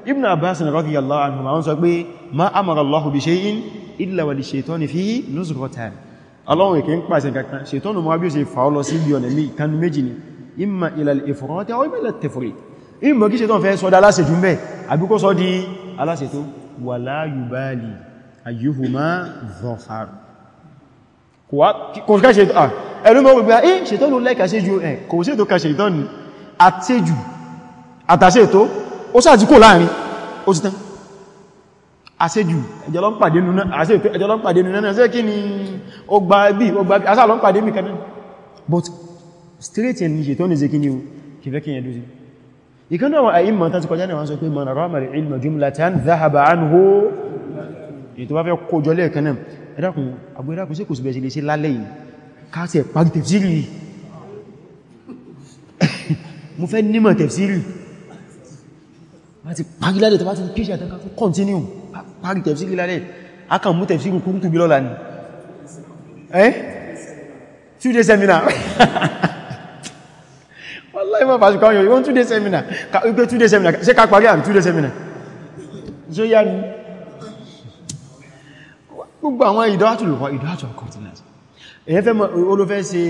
ibn abbas radiyallahu anhu ma sọ pé ma amara allah bi shay'in illa wa li shaytani ni imma ila al ifrat aw ila al tafrit imma ki jù ẹ̀ ah, kò sí ètò kàṣẹ̀ ìtọ́nù àtẹ́jù àtàṣẹ́ ètò ó sáàtí kò láàrin ó ti tán àṣẹ́jù ẹjọ́ ló ń pàdé nínú náà ṣe kí ni ó gba bí ó gba mi kan náà but straight and níṣe tó ní ṣe kí ni ó kì fẹ́ kí yẹn dúsí ìkan náà àìmọ̀ tàbí kọjá náà wọ́n sọ pé man rama anhu èyí tó bá fẹ́ kójọ lẹ́ẹ̀kan náà ẹ̀dàkùn agbẹ́dàkùn sí kò sí bẹ̀ẹ̀ sí mo fẹ́ nímọ̀ tẹ̀fsíìrì láti parí lálẹ̀ tó bá ti kíṣì àtẹ́ká tó continue parí tẹ̀fsíìrì lálẹ̀ aka mú tẹ̀fsíìrì kúrú tó bí lọ́la ni eh two day seminar [LAUGHS] wallahi ma fàṣùkọ́ yóò yóò two day seminar ka wípé two day seminar ṣe ká parí àmì two day seminar ṣe yá ni gbogbo àwọn ìdáwàtò ìdáwàtò continent èyẹ fẹ́ mọ́ olófẹ́ ṣe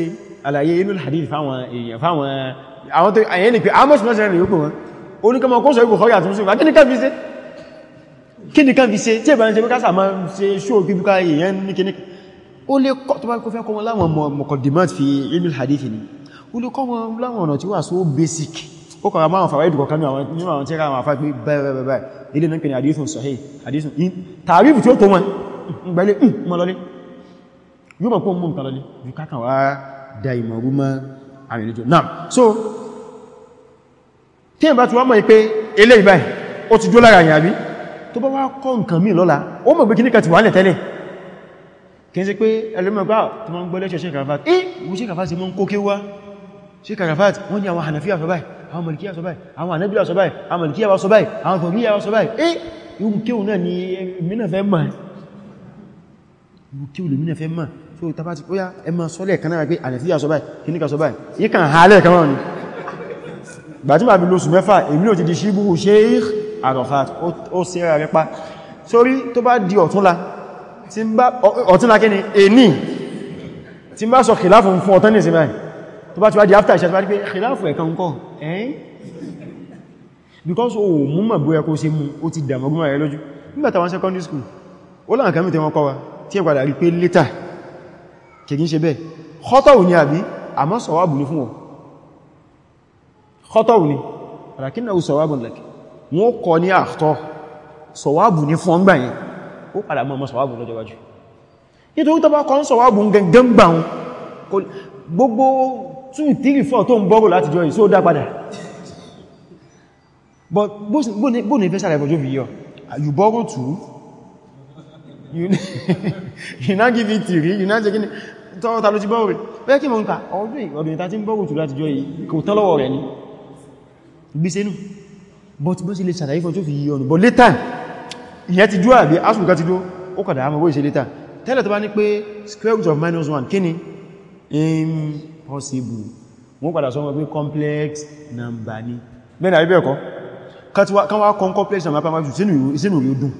àlàyé inú hadith fáwọn èèyàn fáwọn àwọn tó àyẹ́ ni pé amos mẹ́sàn rẹ̀ yóò wọn oníkọmọ kó sọ ìgbò ọ̀yà tó ń sọ́gbà kí ni kan fi ṣe kí ni kan fi ṣe tí ìbẹ̀rẹ̀ ṣe bí kásà máa ṣe ṣó bíbíká èèyàn ní kíní ó lè kọ́ tó bá kó fẹ́ kọ́ wọn láwọn mọ̀kọ̀dìmọ̀t fi ilmi hadith ni ó lè kọ́ wọn láwọn ọ̀nà tí wà so basic ó kọ̀ra máa fàwẹ́ ìdùkọ̀ kan nínú àwọn tí ra àwọn afẹ́ pé bẹ́ẹ̀bẹ́ẹ̀bẹ́ ilé náà pè ní hadithun sahih hadithun in tàrífù tí ó tó wọn gbẹ́lẹ̀ mọ́ lọ́lé yóò mọ̀ pọ́ mọ́ nǹkan lọ́lé ju kákan wá da ìmọ̀rú mọ́ and religion so tí ẹ̀bá ti wá mọ̀ pé ilé ìbáyì ó ti jó lára àyà bí tó bá wá kọ́ nǹkan mí lọ́la ó mọ̀ pé kíníkà ti wà lẹ̀ tẹ́lẹ̀ kìí sí pé ẹlẹ́mọ̀gbá ah, tí wọ́n gbọ́ lẹ́ṣọ́ Sheikh Arafat eh wọ́n Sheikh Arafat sí mọ́ ń kó ni àwọn Hanafiya sọ báyìí àwọn Malikiya so ta bá ti bóyá ẹ máa sọ́lẹ̀ kan náà pé àlẹ̀síyà sọ báyìí kìníkà sọ báyìí yí kàn hálẹ̀ kan náà ni gbàtí bàbí lóṣù mẹ́fà èmi ò ti di ṣíbú Sheikh Arafat ó sẹ́ra rẹ pa sórí tó bá di ọ̀túnla tí ń bá ọ̀túnla kí ni èní tí ń bá sọ kìláfù fún ọ̀tán ní ìsinmi tó bá ti wá di after ìṣẹ́ tó bá di pé kìláfù ẹ̀kan kọ́ because o mú mọ̀ bóyá kó ṣe mú ó ti dàmọ́gún rẹ̀ lójú nígbàtàwọn secondary school ó láǹkà mìtẹ̀ wọn kọ́ wa tí ẹ padà rí pé later kìí ṣe bẹ́ẹ̀ kọ́tọ̀wù ní àbí àmọ́ sọ̀wábù ní fún wọn kọ́tọ̀wù ní àràkínàwó sọ̀wábù lẹ́kẹ̀ wọ́n kọ ní àtọ́ sọ̀wábù ní fún ọgbà yẹn ó padà mọ́ sọ̀wábù lọ́jọ́ wájú nítorí tó bá kọ́ sọ̀wábù gẹngẹn gbà but bó ní fẹ́ sàrẹ̀bọ̀ jó fi yọ you borrow you [LAUGHS] not give it to you now taking tọ́ta ló ti bọ́rù bẹ́ẹ̀ kí mọ́ ń ká ọdún ọdún ìta tí ń bọ́rù jù láti jọ kò tán lọ́wọ́ rẹ̀ ní gbíṣẹ́ nù but bó sí lè ṣàdáyé fún tó fi yí ọ̀nà but later ìyẹn ti dúwà bí asùnkà ti dó ó kàdà àmọ́ bó ìṣe later tẹ́lẹ̀ tó bá ní pé square root of minus 1 kí impossible wọ́n padà sọ wọ́n pé complex number ni bẹ́ẹ̀ ni àríbẹ̀ẹ́kọ́ kan wá complex number pàmà jù sínú ìlú dùn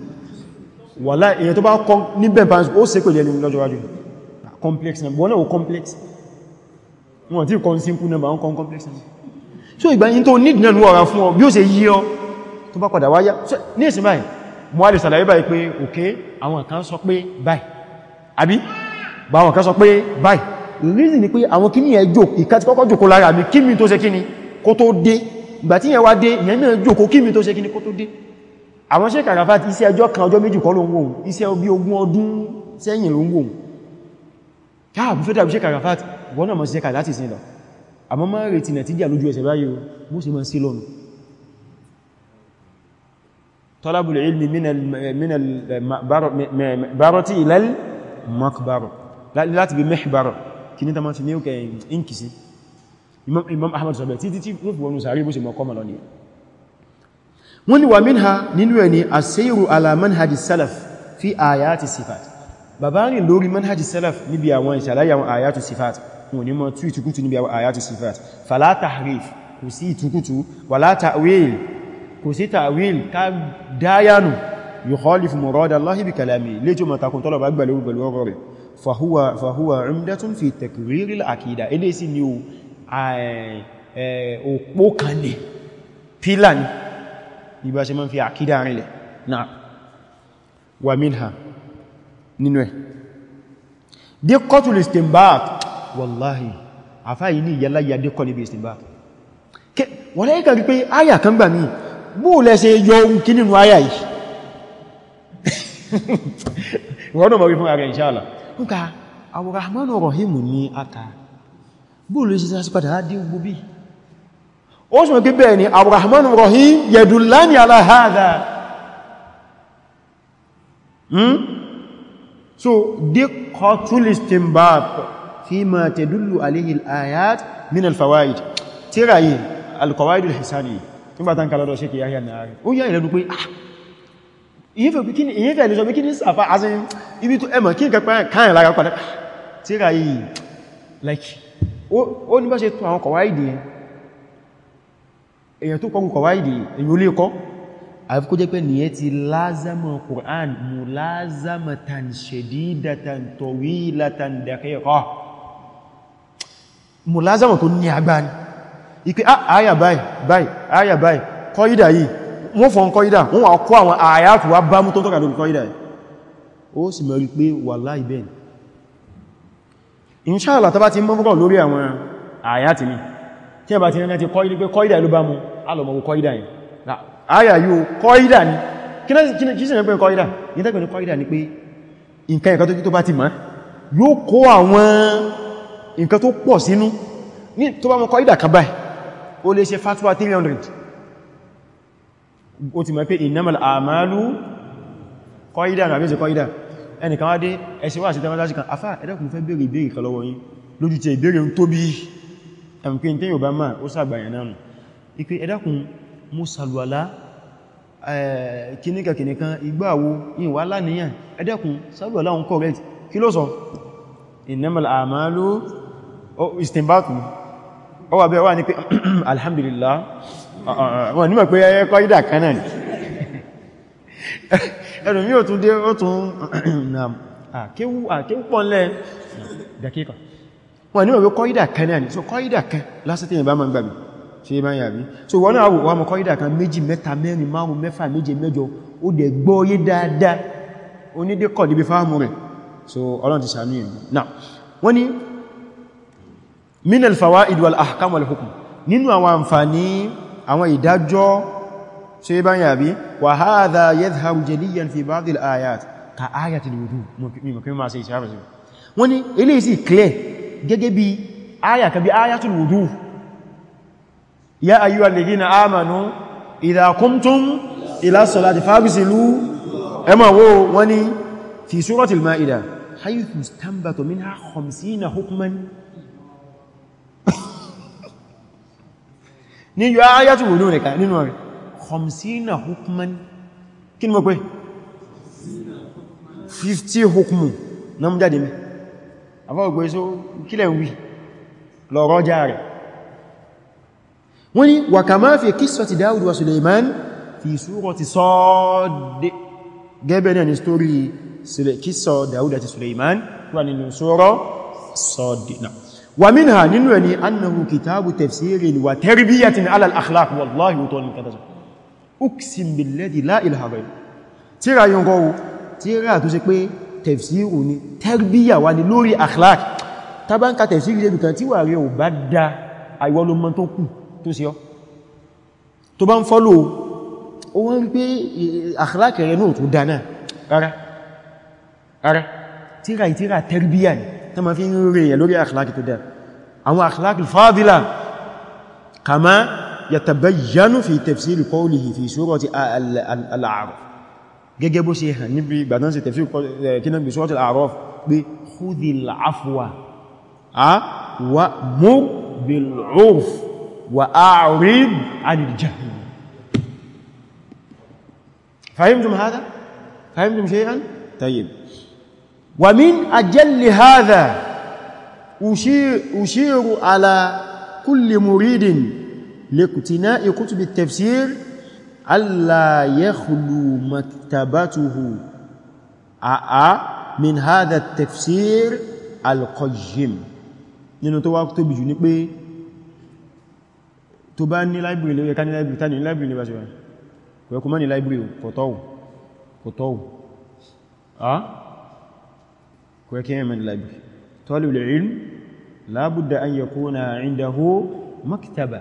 wàlá èyàn tó bá kọ́ ní bẹ̀m̀pánsì ó ṣe pẹ̀lú ẹni lọ́jọ́wájú complex number wọ́n náà ó complex wọ́n tí kọ́ simple number wọ́n kọ́ complex number so ìgbà yí tó need náà wọ́ra fún ọ bí ó ṣe yí ọ tó bá padà wáyá ní ìsìn báyìí mo wá báyìí pé ok àwọn kan sọ pé báyìí àbí bá àwọn kan sọ pé báyìí reason ni pé àwọn kíní ẹ jò ìka ti kọ́kọ́ jòkó lára mi kí mi tó ṣe kíní kó tó dé ìgbà tí yẹn wá dé ìyẹn náà jòkó kí mi tó ṣe kíní kó tó àwọn Sheikh Arafat iṣẹ́ ọjọ́ kan ọjọ́ méjì kọ́ ló ń wò iṣẹ́ bí ogún ọdún sẹ́yìn ló ń wò káàbù fẹ́ dàbí Sheikh Arafat wọ́n náà mọ̀ sí ẹka láti sin lọ àmọ́ máa retí nàtíjà lójú ẹsẹ̀ báyìí bó ṣe máa sí lọ́nà talabul ilmi minal barati ilal makbaro láti bí mẹ́bàrọ kí ní wọ́n ni wà mínha nínú ẹni àṣírù alaman hajji salaf fi ayati sifat bàbá rìn lórí manhajji salaf níbi àwọn ìṣàláyàwọn ayati sifat wọ́n ni mọ́ tú ìtukútù níbi àwọn ayati sifat fala tahrif kò sí ìtukútù wala ta'wil kò sí ta'wil ká dáyánu yukhalifu murada Allahi bi kalami léjò matakun tọ́lọ̀ bá gbà lórí pẹ̀lú ọ̀rọ̀ rẹ̀ ni ìbá ṣe mọ́ fi àkídà rìnlẹ̀ náà wà mínà nínú ẹ̀ diqqatul istinbat wallahi àfá yìí ní ìyàláyà díkọ́ níbi istinbat wọ́n lẹ́yìn kan rí pé áyà kan gbà mí bú lẹ́ṣe yọ ohun kí nínú áyà yìí [LAUGHS] wọ́n náà mọ̀ wí fún ara inshallah nǹkan àwòrán mọ́nà rọ̀hìmù ní aka bú lẹ́ṣe sí ó sì mọ̀ pé bẹ́ẹ̀ ni Ar-Rahman Rahim yadullani ala hadha hmm? so diqqatul istinbat fima tadullu alayhi al-ayat min al-fawaid tírà yìí al-qawaid al-hisaniyya tí bá tán kalọ́dọ̀ ṣe kì yáyà ní ààrẹ ó yá ìrẹ́dù pé ah ìyẹ́fẹ́ ìlú sọ pé kí ní sàfà azin like ó ní bá ṣe tó àwọn èyàn tó kọrù kọ̀wáìdì èyàn olè kọ́ àfi kó jẹ́ pé nìyẹn ti lázàmà Qur'an mú lázàmà tan shadidatan tawilatan daqiqa mú lázàmà tó ní agbáni ipé ah, àyà báyìí báyìí bá ti mọ́ fúkọ̀ lórí àwọn àyàtì ni tí a bá ti rẹ̀ ti kọ́ ìdí pé kọ́ídà ló bá mú alọ̀mọ̀ kọ́ídà yìí ayà yóò kọ́ídà ni kí sí ẹgbẹ́ kọ́ídà ní tẹ́gbẹ̀ ní kọ́ídà ni pé nǹkan ẹ̀kọ́ tó bá ti mọ̀ yóò kó àwọn nǹkan tó pọ̀ sínú ní tó bá mọ̀ kọ́ídà kan báyìí ó lè ṣe a'malu kọ́ídà nàbí ṣe kọ́ídà ẹnìkan wá dé ẹ̀ṣẹ́ wà sí tẹ́mọ́láṣì kan afá ẹ̀dọ́kùn fẹ́ bèèrè ìbéèrè kan lọ́wọ́ yín lójú tí ìbéèrè ń tóbi ẹ̀mùkí tí yóò bá máa ó sàgbàyàn náà ipe ẹ̀dàkùn mo sàlùwàlá kìníkà kìníkan ìgbàwo ìwà láníyàn ẹ̀dàkùn sàlùwàlá òun correct kí ló sọ innamal a'malu istinbatu ó wà bẹ́ẹ̀ wà ní pé [CLEARS THROAT] alhamdulillah wọn nímọ̀ pé ẹyẹ kọ́ ìdà kan náà ni [LAUGHS] ẹnu mí ò tún dé ó tún [CLEARS THROAT] àkéwú pọ̀ ńlẹ̀ wọn nímọ̀ pé kọ́ ìdà kan náà ni so kọ́ ìdà kan lásìtìyàn bá ma ń gbàmì ṣe máa yàbí so wọ́n náà wà mọ̀ kọ́ídà kan méjì mẹ́ta mẹ́rin márùn mẹ́fà méje mẹ́jọ ó dẹ̀ gbọ́yé dáadáa onídẹ́kọ̀ níbi fáàmù rẹ̀ so ọlọ́n ti sàánú yìí náà wọ́n ni min al-fawaid wal ahkam wal hukm nínú àwọn àǹfààní àwọn ìdájọ́ ṣe bá yàbí wa hadha yadhharu jaliyan fi ba'd al-ayat ka ayat al-wudu mọ̀kún máa ṣe ìṣàrọ̀ gẹ́gẹ́ bí aya kan ya ayyuha alladhina amanu idha qumtum ila salati faghsilu ema wo wani fi surati al-ma'idah haythu mustanbatu minha 50 hukman [LAUGHS] ni yo ayatu wudu ne ka nínú rẹ̀ 50 hukman kin mo pe 50 hukmu na mu jáde mi afa ogbe so kile wi lo roja rẹ̀ wọ́n ni wà kàmá fi qissati Dawud wa Sulaiman fi surati Sad gẹ́bẹ̀ náà ni stórí kíso Dawud àti Sulaiman wà nínú sura Sad náà wà minha nínú ẹni annahu kitabu tafsirin wa tarbiyatin ala akhlaq wallahi wutọ́ ní kàtàzù uksim billadhi la ilaha ghayru tíra yóò gọ́wọ́ tíra tó ṣe pé tafsiru ni tarbiya wa ni lórí akhlaq tabanka tafsiru jẹ́ bìkan tí wà rí ò bá da àìwọ́lọ́mọ́ tó kù tún sí ọ tó bá ń fọ́lò ó wọ́n ń pé àkìlákẹ̀ẹ́rẹ́ náà tó dáná rárá rárá tíra ìtíra tẹ́rbíyà ni tó ma fi ń rí ẹ̀ lórí àkìlákì tó dá àwọn àkìlákì fadila kama yatabayyanu fi tafsir qawlihi fi surati al-a'raf gẹ́gẹ́ bó ṣe hàn níbi ìgbàdán sí tafsir وأعرض عن الجهل فهمتم هذا؟ فهمتم شيئا؟ طيب ومن أجل هذا أشير, أشير على كل مريد لاقتناء كتب التفسير ألا يخلو مكتبته أأ من هذا التفسير القيم لأنه توا wá tó tó bá ní library lórí ẹka ní library tánì ní library ní bá ṣe wọ́n kò ẹkùn mọ́ ní library kò tọ́wù kò tọ́wù ah kò ẹkẹ́ ẹ̀mẹ́ ní library talibul ilm labudda an yakuna indahu maktaba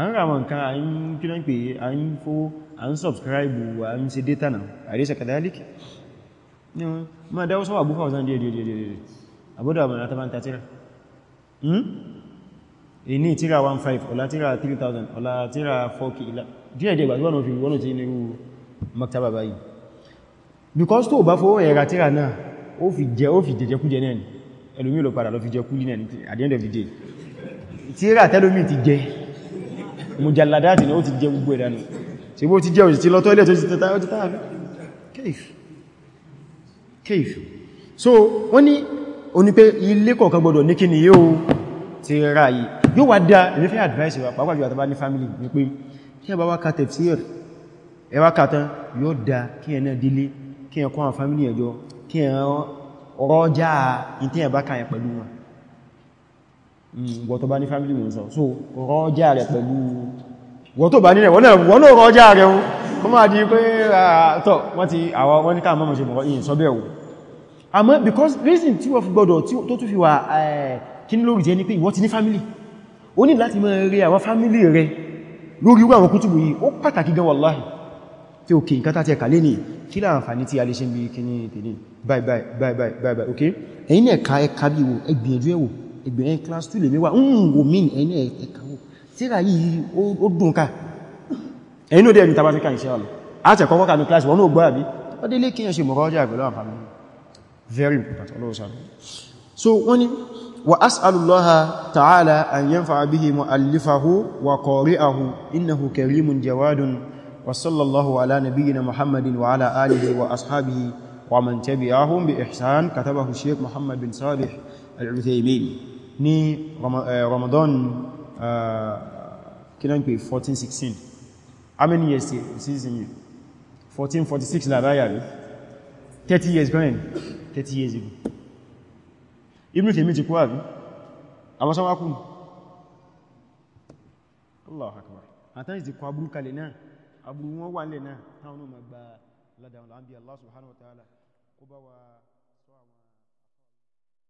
an rama nǹkan a ń kínan pé a ń fó a ń subscribe wa a ń ṣe data na a rí sakadalik ma dáwọ́ sọ́wọ́ abúfà ọ̀sán díẹ̀díẹ̀díẹ̀ abúdó àbúrò àtàbántà tíra hmm? ní tíra 15 ọ̀lá tíra 3000 ọ̀lá tíra 4k ìlà díẹ̀dẹ̀ ìgbà tí wọ́n fi wọ́n tí nírú maktaba báyìí because tó bá fowó ẹ̀rà tíra náà ó fi jẹ ó fi jẹjẹ kújẹ náà ni ẹlòmí ló padà lọ fi jẹ kúlì at the end of the day tíra tẹ́lómí ti jẹ mùjàládàtì ni ó ti jẹ gbogbo so wọ́n ní onípe ilé kọ̀ọ̀kan gbọdọ̀ ní kí ni yóò ti ra yìí yóò wá dá èmi fẹ́ advice wa pàápàá jù àtàbá ní family ní pé kí ẹ bá wá ka tafsir ẹ wá ka tán yóò dá kí ẹ náà délé kí ẹ kọ́ àwọn family ẹjọ́ kí ẹ rọ́jà ìtẹ́ ẹ bá ka yẹn pẹ̀lú wọn hmm, wọ́n tó bá ní family mọ̀ sọ so rọ́jà rẹ̀ pẹ̀lú wọ́n tó bá ní rẹ̀ wọ́n náà rọ́jà rẹ̀ kọ́ máa di pé àtọ̀ wọ́n ti àwọn wọ́n ní ká mọ́mọ̀ ṣe mọ̀ ìyìn sọ́bẹ̀ because reason tí wọ́n fi gbọ́dọ̀ tó tún fi wà kí ní lórí jẹ́ ní pé ìwọ ti ní family ó ní láti máa rí àwọn fámílì rẹ lórí irú àwọn kútùbù yìí ó pàtàkì gan wallahi tí ó kí nǹkan tàti ẹ̀kà lé ní kí láà tí a lè ṣe bí kíní bye bye bye bye bye bye okay ẹ̀yin ẹ̀ka ẹ̀ka bí wo ẹgbìyànjú ẹ̀wò ẹgbìyàn class 2 lè mẹ́wà ń wò mí ẹ̀yin ẹ̀ka wò tíra yìí ó dùn ká ẹ̀yin ó dẹ̀ ní tabafika iṣẹ́ ọ̀lọ́ àti class wọn ó gbọ́ àbí ó dé lé kíyàn ṣe very important ọlọ́wọ́sàn so wọ́n وأسأل الله تعالى أن ينفع به مؤلفه وقارئه إنه كريم جواد وصلى الله على نبينا محمد وعلى آله وأصحابه ومن تبعهم بإحسان كتبه الشيخ محمد بن صالح العثيمين ني رمضان kílán pé 1416 how many years since in 1446 làbáyà rí 30 years going 30 years ago Ibn Taymiyyah ti kú àbí àwọn sọ́wọ́ kú Allahu Akbar àtàrí ti kọ aburú kalẹ̀ náà aburú wọn wà lẹ̀ náà táwọn náà Allah subhanahu wa ta'ala